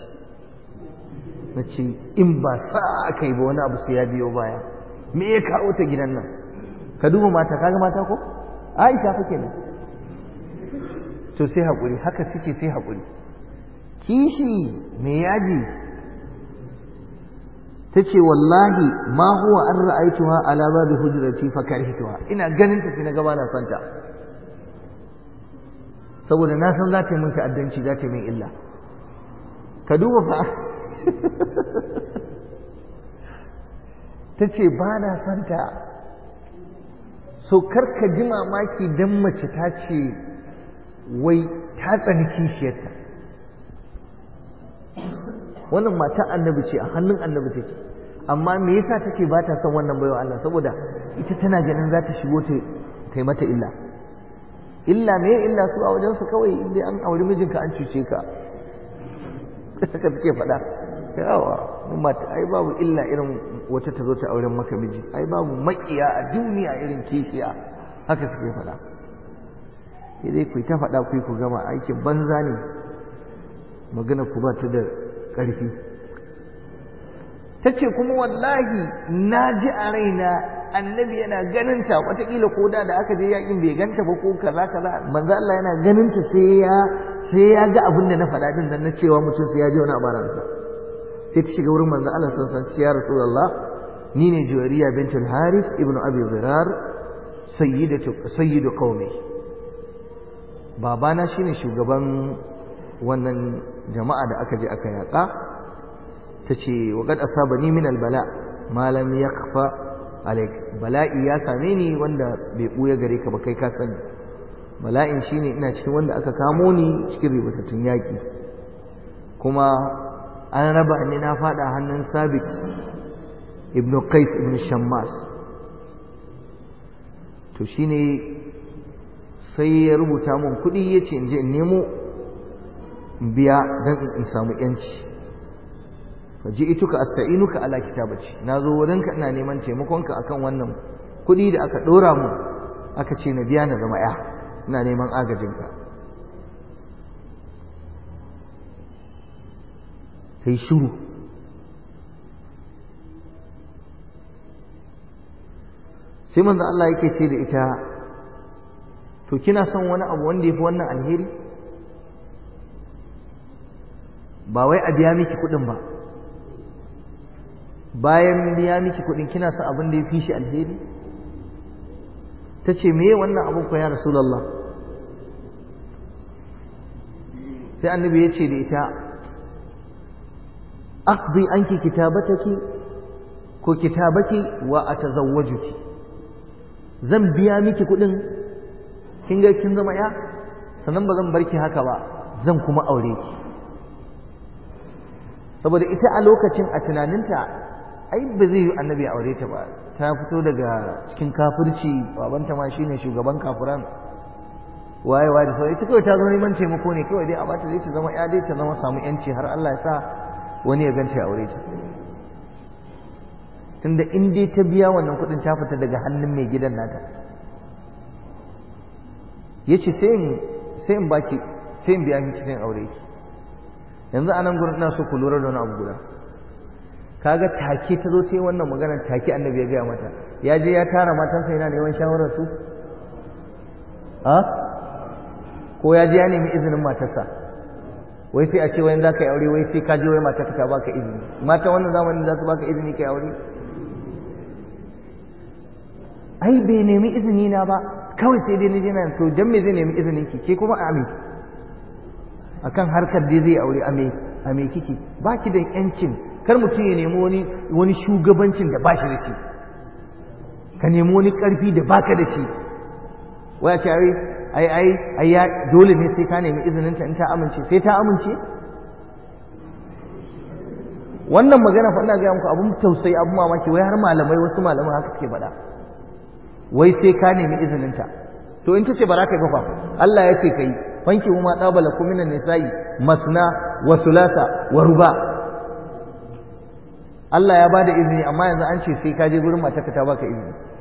na ce in ba sa aka yi ba wani abu sai ya biyo baya me ya kawo ta gidan nan ka duba mata ka ga mata ko aisha kake nan. to sai hakuri haka suke sai hakuri. kishi me yaji ta ce wallahi ma huwa an ra'aituha ala babi hujrati fa karhituha ina ganin ta sai na gaba na santa saboda na san za ta yi min ta'addanci za ta yi min illa ka duba fa ta ce ba na santa so karka ji mamaki don mace ta ce wai ta tsani kishiyarta wannan mata annabi ce a hannun annabi take amma me yasa ta ce ba ta son wannan baiwa Allah saboda ita tana ganin za ta shigo ta mata illa illa me illa su a wajensu kawai inda an auri mijinka an cuce ka haka take faɗa yawa mata ai babu illa irin wata ta zo ta auren maka miji ai babu makiya a duniya irin kishiya haka suke faɗa sai dai ku ta faɗa ku ku gama aikin banza ne magana ku ba ta da ƙarfi ta ce kuma wallahi na ji a raina annabi yana ganinta watakila ko da da aka je yakin bai ganta ba ko kaza kaza manzo Allah yana ganinta sai ya sai ya ga abin da na faɗa din nan na cewa mutum sai ya ji wani abaransa sai ta shiga wurin manzo Allah san da ya rasulullah ni ne juwariya bintul harith ibn abi zirar sayyidatu sayyidu qaumi babana shine shugaban wannan jama'a da aka je aka yaka tace wa qad asabani min albala ma lam yakhfa alaik bala'i ya same ni wanda bai buya gare ka ba kai ka sani bala'in shine ina cikin wanda aka kamo ni cikin ribatattun yaki kuma an raba ni na fada hannun sabit ibn qais ibn shammas to shine sai ya rubuta mun kuɗi yace in je in nemo in biya dan in samu yanci faji'tuka asta'inuka ala kitabati nazo wurinka ina neman taimakon ka akan wannan kuɗi da aka dora mu aka ce na biya na zama ya ina neman agajin ka. yi shiru sai manzo Allah yake ce da ita to kina son wani abu wanda yafi wannan alheri ba wai a biya miki kuɗin ba bayan biya miki kuɗin kina son abin da ya fi shi alheri ta ce meye wannan abin ko ya rasulallah sai annabi ya ce da ita أقضي anki كتابتك ko kitabaki wa atazawwajuki zan biya miki kuɗin kin ga kin zama ya sannan ba zan barki haka ba zan kuma aure saboda ita a lokacin a tunaninta ai ba zai yi annabi a aure ta ba ta fito daga cikin kafirci babanta ma shine shugaban kafiran waye waye da ita kawai ta zama neman taimako ne kawai dai a bata zai ta zama ya dai ta zama samu yanci har Allah ya sa wani ya ganta aure ta tunda in dai ta biya wannan kuɗin ta fita daga hannun mai gidan nata yace sai in sai in baki sai in biya miki sai aure ki yanzu anan gurin ina so ku lura da wani abu guda kaga take ta zo ta yi wannan magana take annabi ya gaya mata ya je ya tara matansa yana neman shawarar su ah? ko ya je ya nemi izinin matarsa wai sai a ce wani za ka yi aure wai sai ka je wai mata ka ba ka izini mata wannan zamanin za su ba ka izini ka yi aure ai bai nemi izini na ba kawai sai dai nijina na to don me zai nemi izinin ki ke kuma a me kan harkar dai zai aure a me a kike ba ki da yancin kar mutum ya nemi wani shugabancin da ba shi da shi ka nemi wani karfi da baka da shi wai a ce ai ai ai ya dole ne sai ka nemi izinin ta in ta amince sai ta amince wannan magana fa ina ga muku abun tausayi abun mamaki wai har malamai wasu malamai haka suke faɗa wai sai ka nemi izinin ta to in tace baraka ga fa Allah ya ce kai fanki huma dabala kum minan nisa'i masna wa thulatha wa ruba Allah ya bada izini amma yanzu an ce sai ka je gurin matarka ta baka izini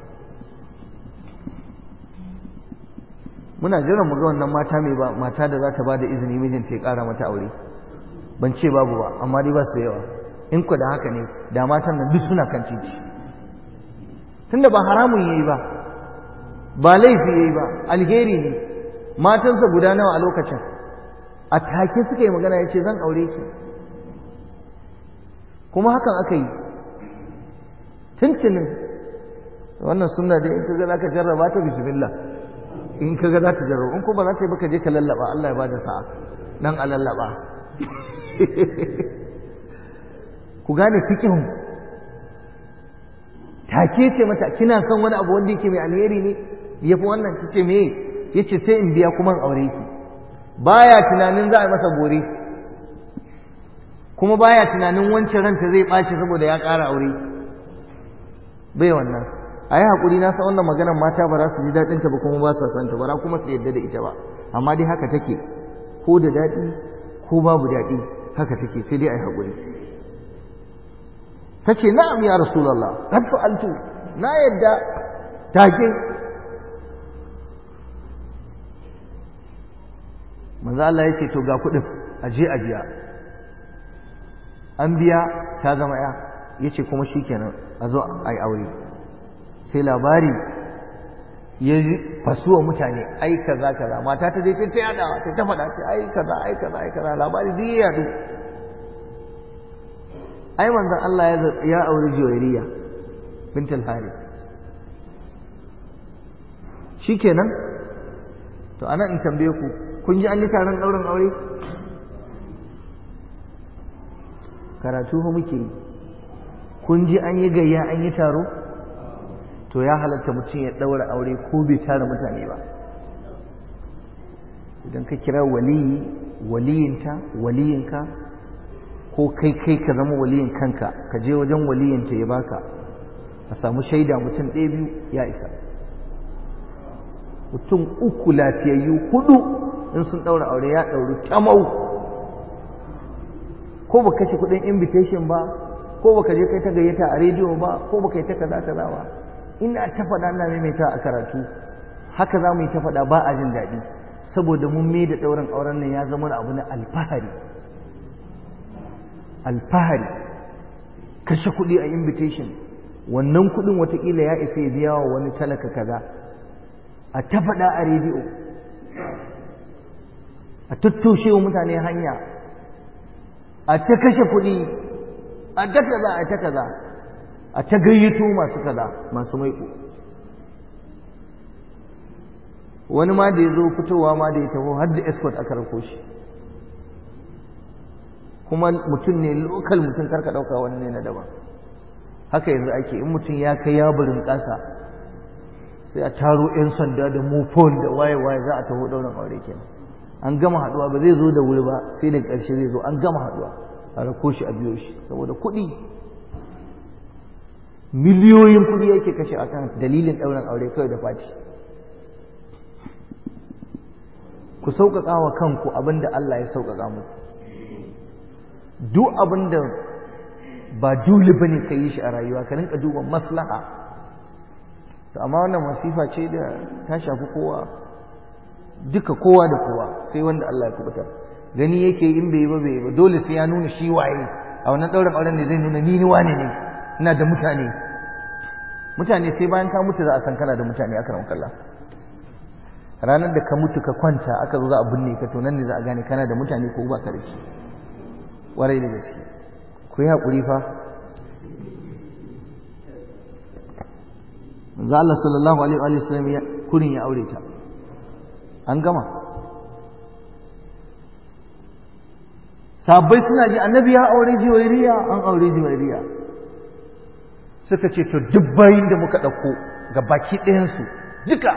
muna jiran mu ga wannan mata mai ba mata da za ta ba da izini mijinta ya ƙara mata aure ban ce babu ba amma dai ba su yawa in ku da haka ne da matan nan duk suna kan titi tunda ba haramun yayi ba ba laifi yayi ba alheri ne matansa guda nawa a lokacin a take suka yi magana ya ce zan aure ki kuma hakan aka yi tuntunin wannan sunna dai in ka ga zaka jarraba ta bismillah in ka ga za ta jaro in ko ba za ta yi baka je ka lallaba Allah ya ba da sa'a nan a lallaba ku gane Ta ke ce mata kina son wani abu wanda yake mai alheri ne Ya fi wannan tace Ya ce, sai in biya kuma aure ki baya tunanin za a yi masa gore kuma baya tunanin wancan ranta zai ɓace saboda ya ƙara aure bai wannan a yi haƙuri na san wannan maganar mata ba su ji daɗin ta ba kuma ba su san ba kuma su yarda da ita ba amma dai haka take ko da daɗi ko babu daɗi haka take sai dai a yi haƙuri ta ce na'am ya rasulallah qad fa'altu na yarda take manzo Allah ya ce to ga kuɗin aje a biya an biya ta zama ya yace kuma shi kenan a zo a yi aure sai labari ya wa mutane ai kaza kaza mata ta je ta yada ta ta faɗa ce ai kaza ai kaza ai kaza labari zai yi yadu ai manzon Allah ya auri Juwairiya bint al-Harith shikenan to anan in tambaye ku kun ji an yi taron ɗaurin aure karatu fa muke kun ji an yi gayya an yi taro to ya halatta mutum ya ɗaura aure ko bai tara mutane ba idan ka kira waliyi waliyinta waliyinka ko kai kai ka zama waliyin kanka ka je wajen waliyinta ya baka a samu shaida mutum ɗaya biyu ya isa mutum uku lafiyayyu hudu in sun ɗaura aure ya ɗauri kyamau. ko ba kashe kuɗin invitation ba ko ba ka je kai ta gayyata a rediyo ba ko ba yi ta kaza kaza ba ina ta faɗa ina maimaita a karatu haka za mu yi ta faɗa ba a jin daɗi saboda mun mai da ɗaurin auren nan ya zama abu na alfahari alfahari kashe kuɗi a invitation wannan kuɗin watakila ya isa ya biya wa wani talaka kaza a ta faɗa a rediyo a tattoshe wa mutane hanya a ta kashe kuɗi a ta kaza a ta kaza a ta gayyato masu kaza masu maiko wani ma da ya zo fitowa ma da ya taho har da escort aka rako shi kuma mutum ne lokal mutum karka ɗauka wani ne na daban haka yanzu ake in mutum ya kai yaburin ƙasa sai a taro 'yan sanda da mufon da waye-waye za a taho ɗaurin aure kenan an gama haɗuwa ba zai zo da wuri ba sai da ƙarshe zai zo an gama haɗuwa a rako shi a biyo shi saboda kuɗi miliyoyin kuɗi yake kashe a kan dalilin ɗaurin aure kawai da faci ku sauƙaƙa wa kanku abin da Allah ya sauƙaƙa muku duk abin da ba dole ba ne ka yi shi a rayuwa ka rinka duba maslaha to amma wannan masifa ce da ta shafi kowa duka kowa da kowa sai wanda Allah ya kubuta gani yake in bai yi ba bai ba dole sai ya nuna shi waye a wannan ɗaurin auren ne zai nuna ni ni wane ne ina da mutane mutane sai bayan ka mutu za a san kana da mutane aka ramu kalla ranar da ka mutu ka kwanta aka zo za a binne ka to nan ne za a gane kana da mutane ko ba ka da shi warai da gaske ku yi haƙuri fa manzo Allah sallallahu alaihi wa sallam ya kurin ya aure ta an gama sabbai suna ji annabi ya aure riya, an aure riya. suka ce to duk bayin da muka ɗauko ga baki ɗayansu duka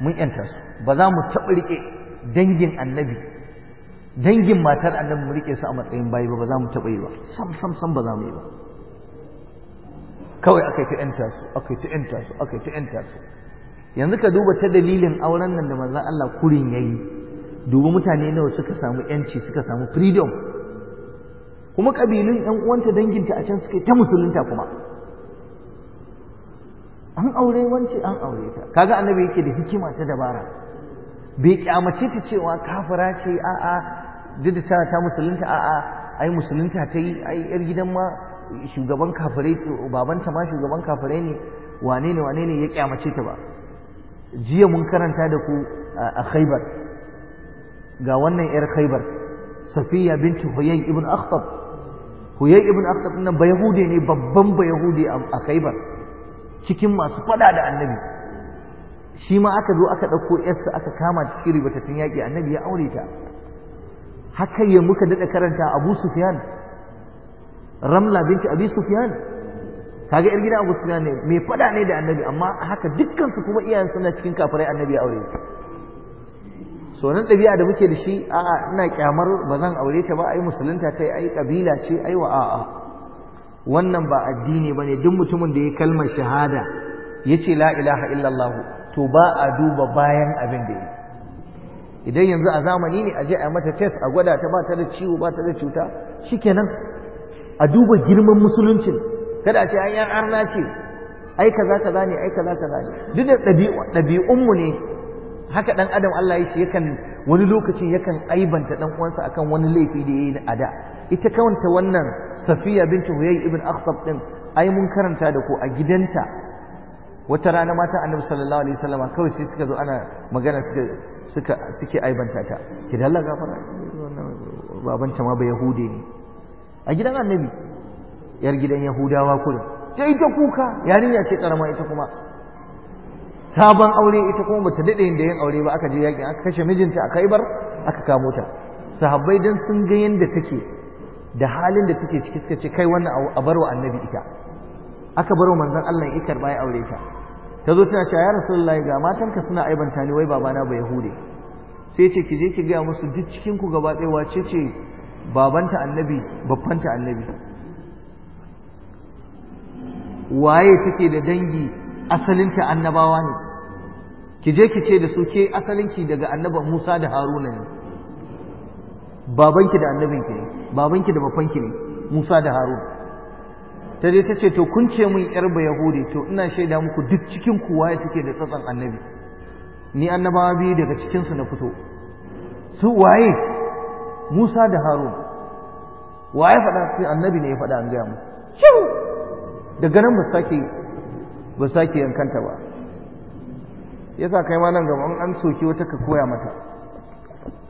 mun yanta su ba za mu taɓa riƙe dangin annabi dangin matar annabi mu riƙe su a matsayin bayi ba ba za mu taɓa yi ba sam sam sam ba za mu yi ba kawai aka yi ta yanta su aka yi ta yanta su aka yi ta yanta su yanzu ka duba ta dalilin auren nan da manzon Allah kurin yayi dubu mutane nawa suka samu yanci suka samu freedom kuma ƙabilun ‘yan uwanta danginta a can suke ta musulunta kuma an aure wance an aure ta kaga annabi yake da hikima ta dabara bai kyamace ta cewa kafira ce a'a duk da ta musulunta a'a ai musulunta ta yi ai yar gidan ma shugaban kafirai babanta ma shugaban kafirai ne wane ne wane ne ya kyamace ta ba jiya mun karanta da ku a khaibar ga wannan yar khaibar safiya binti huyay ibn akhtab huyay ibn akhtab nan ba yahude ne babban ba yahude a kaibar cikin masu fada da annabi shi ma aka zo aka ɗauko yarsa aka kama ta cikin ribatattun yaƙi annabi ya aure ta haka ya muka daɗa karanta abu sufyan ramla binti abi sufyan kaga yar gidan abu sufyan ne mai fada ne da annabi amma haka dukkan su kuma iyayen suna cikin kafirai annabi ya aure ta so ɗabi'a da muke da shi a'a ina kyamar ba zan aure ta ba ai musulunta ta ai kabila ce ai wa a'a wannan ba addini ne duk mutumin da ya kalmar shahada ce, la ilaha illallah to ba a duba bayan abin da yake idan yanzu a zamani ne a je a mata test a gwada ta ba ta da ciwo ba ta da cuta shikenan a duba girman musuluncin kada a ce an yan arna ce ai kaza kaza ne ai kaza kaza ne duk da ɗabi'unmu ne haka ɗan adam Allah ya ce yakan wani lokaci yakan aibanta dan uwansa akan wani laifi da yayi a da ita kawanta wannan Safiya bintu Huyay Ibin Akhtab ɗin, ai mun karanta da ku a gidanta wata rana mata Annabi sallallahu alaihi wasallam kawai sai suka zo ana magana suka suka suke aibanta ta ki da Allah gafara babanta ma ba ne a gidan Annabi yar gidan Yahudawa kullum sai ita kuka yarinya ce karama ita kuma sabon aure ita kuma bata daɗe da yin aure ba aka je yaƙi aka kashe mijinta a kaibar aka kamo ta sahabbai dan sun ga yanda take da halin da take ciki suka ce kai wannan a barwa annabi ita aka barwa manzon Allah ya karba ya aure ta ta zo tana cewa ya rasulullahi ga matanka suna aibanta ni wai babana ba yahude sai ce ki je ki ga musu duk cikin ku gaba ɗaya wace ce babanta annabi babbanta annabi waye take da dangi asalinta annabawa ne ki je ki ce da su ke asalinki daga annaban Musa da Haruna ne babanki da annabinki ne babanki da bafanki ne Musa da Haruna ta je ta ce to kun ce min yar ba Yahudi to ina shaida muku duk cikin kuwa ya suke da tsatsan annabi ni annabawa biyu daga cikinsu na fito su waye Musa da Haruna waye faɗa sai annabi ne ya faɗa an gaya mu shiru daga nan ba sake ba sake yankanta ba yasa kai ma nan gaba in an soke wata ka koya mata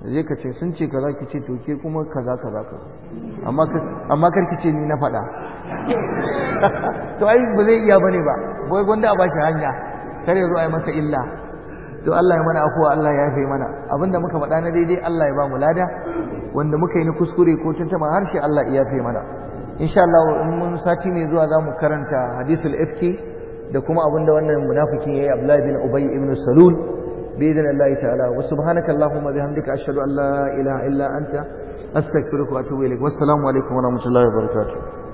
zai ka ce sun ce kaza ki ce to kuma kaza za ka amma amma kar ki ce ni na faɗa to ai ba zai iya bane ba boye gwanda a bashi hanya kar ya zo yi masa illa to Allah ya mana afuwa Allah ya yafe mana abinda muka faɗa na daidai Allah ya ba mu lada wanda muka yi na kuskure ko tantama harshe Allah ya yafe mana insha Allah in mun sati ne zuwa za mu karanta hadisul ifki da kuma abin da wannan munafikin yayi Abdullah bin Ubay ibn Salul باذن الله تعالى وسبحانك اللهم وبحمدك اشهد ان لا اله الا انت استغفرك واتوب اليك والسلام عليكم ورحمه الله وبركاته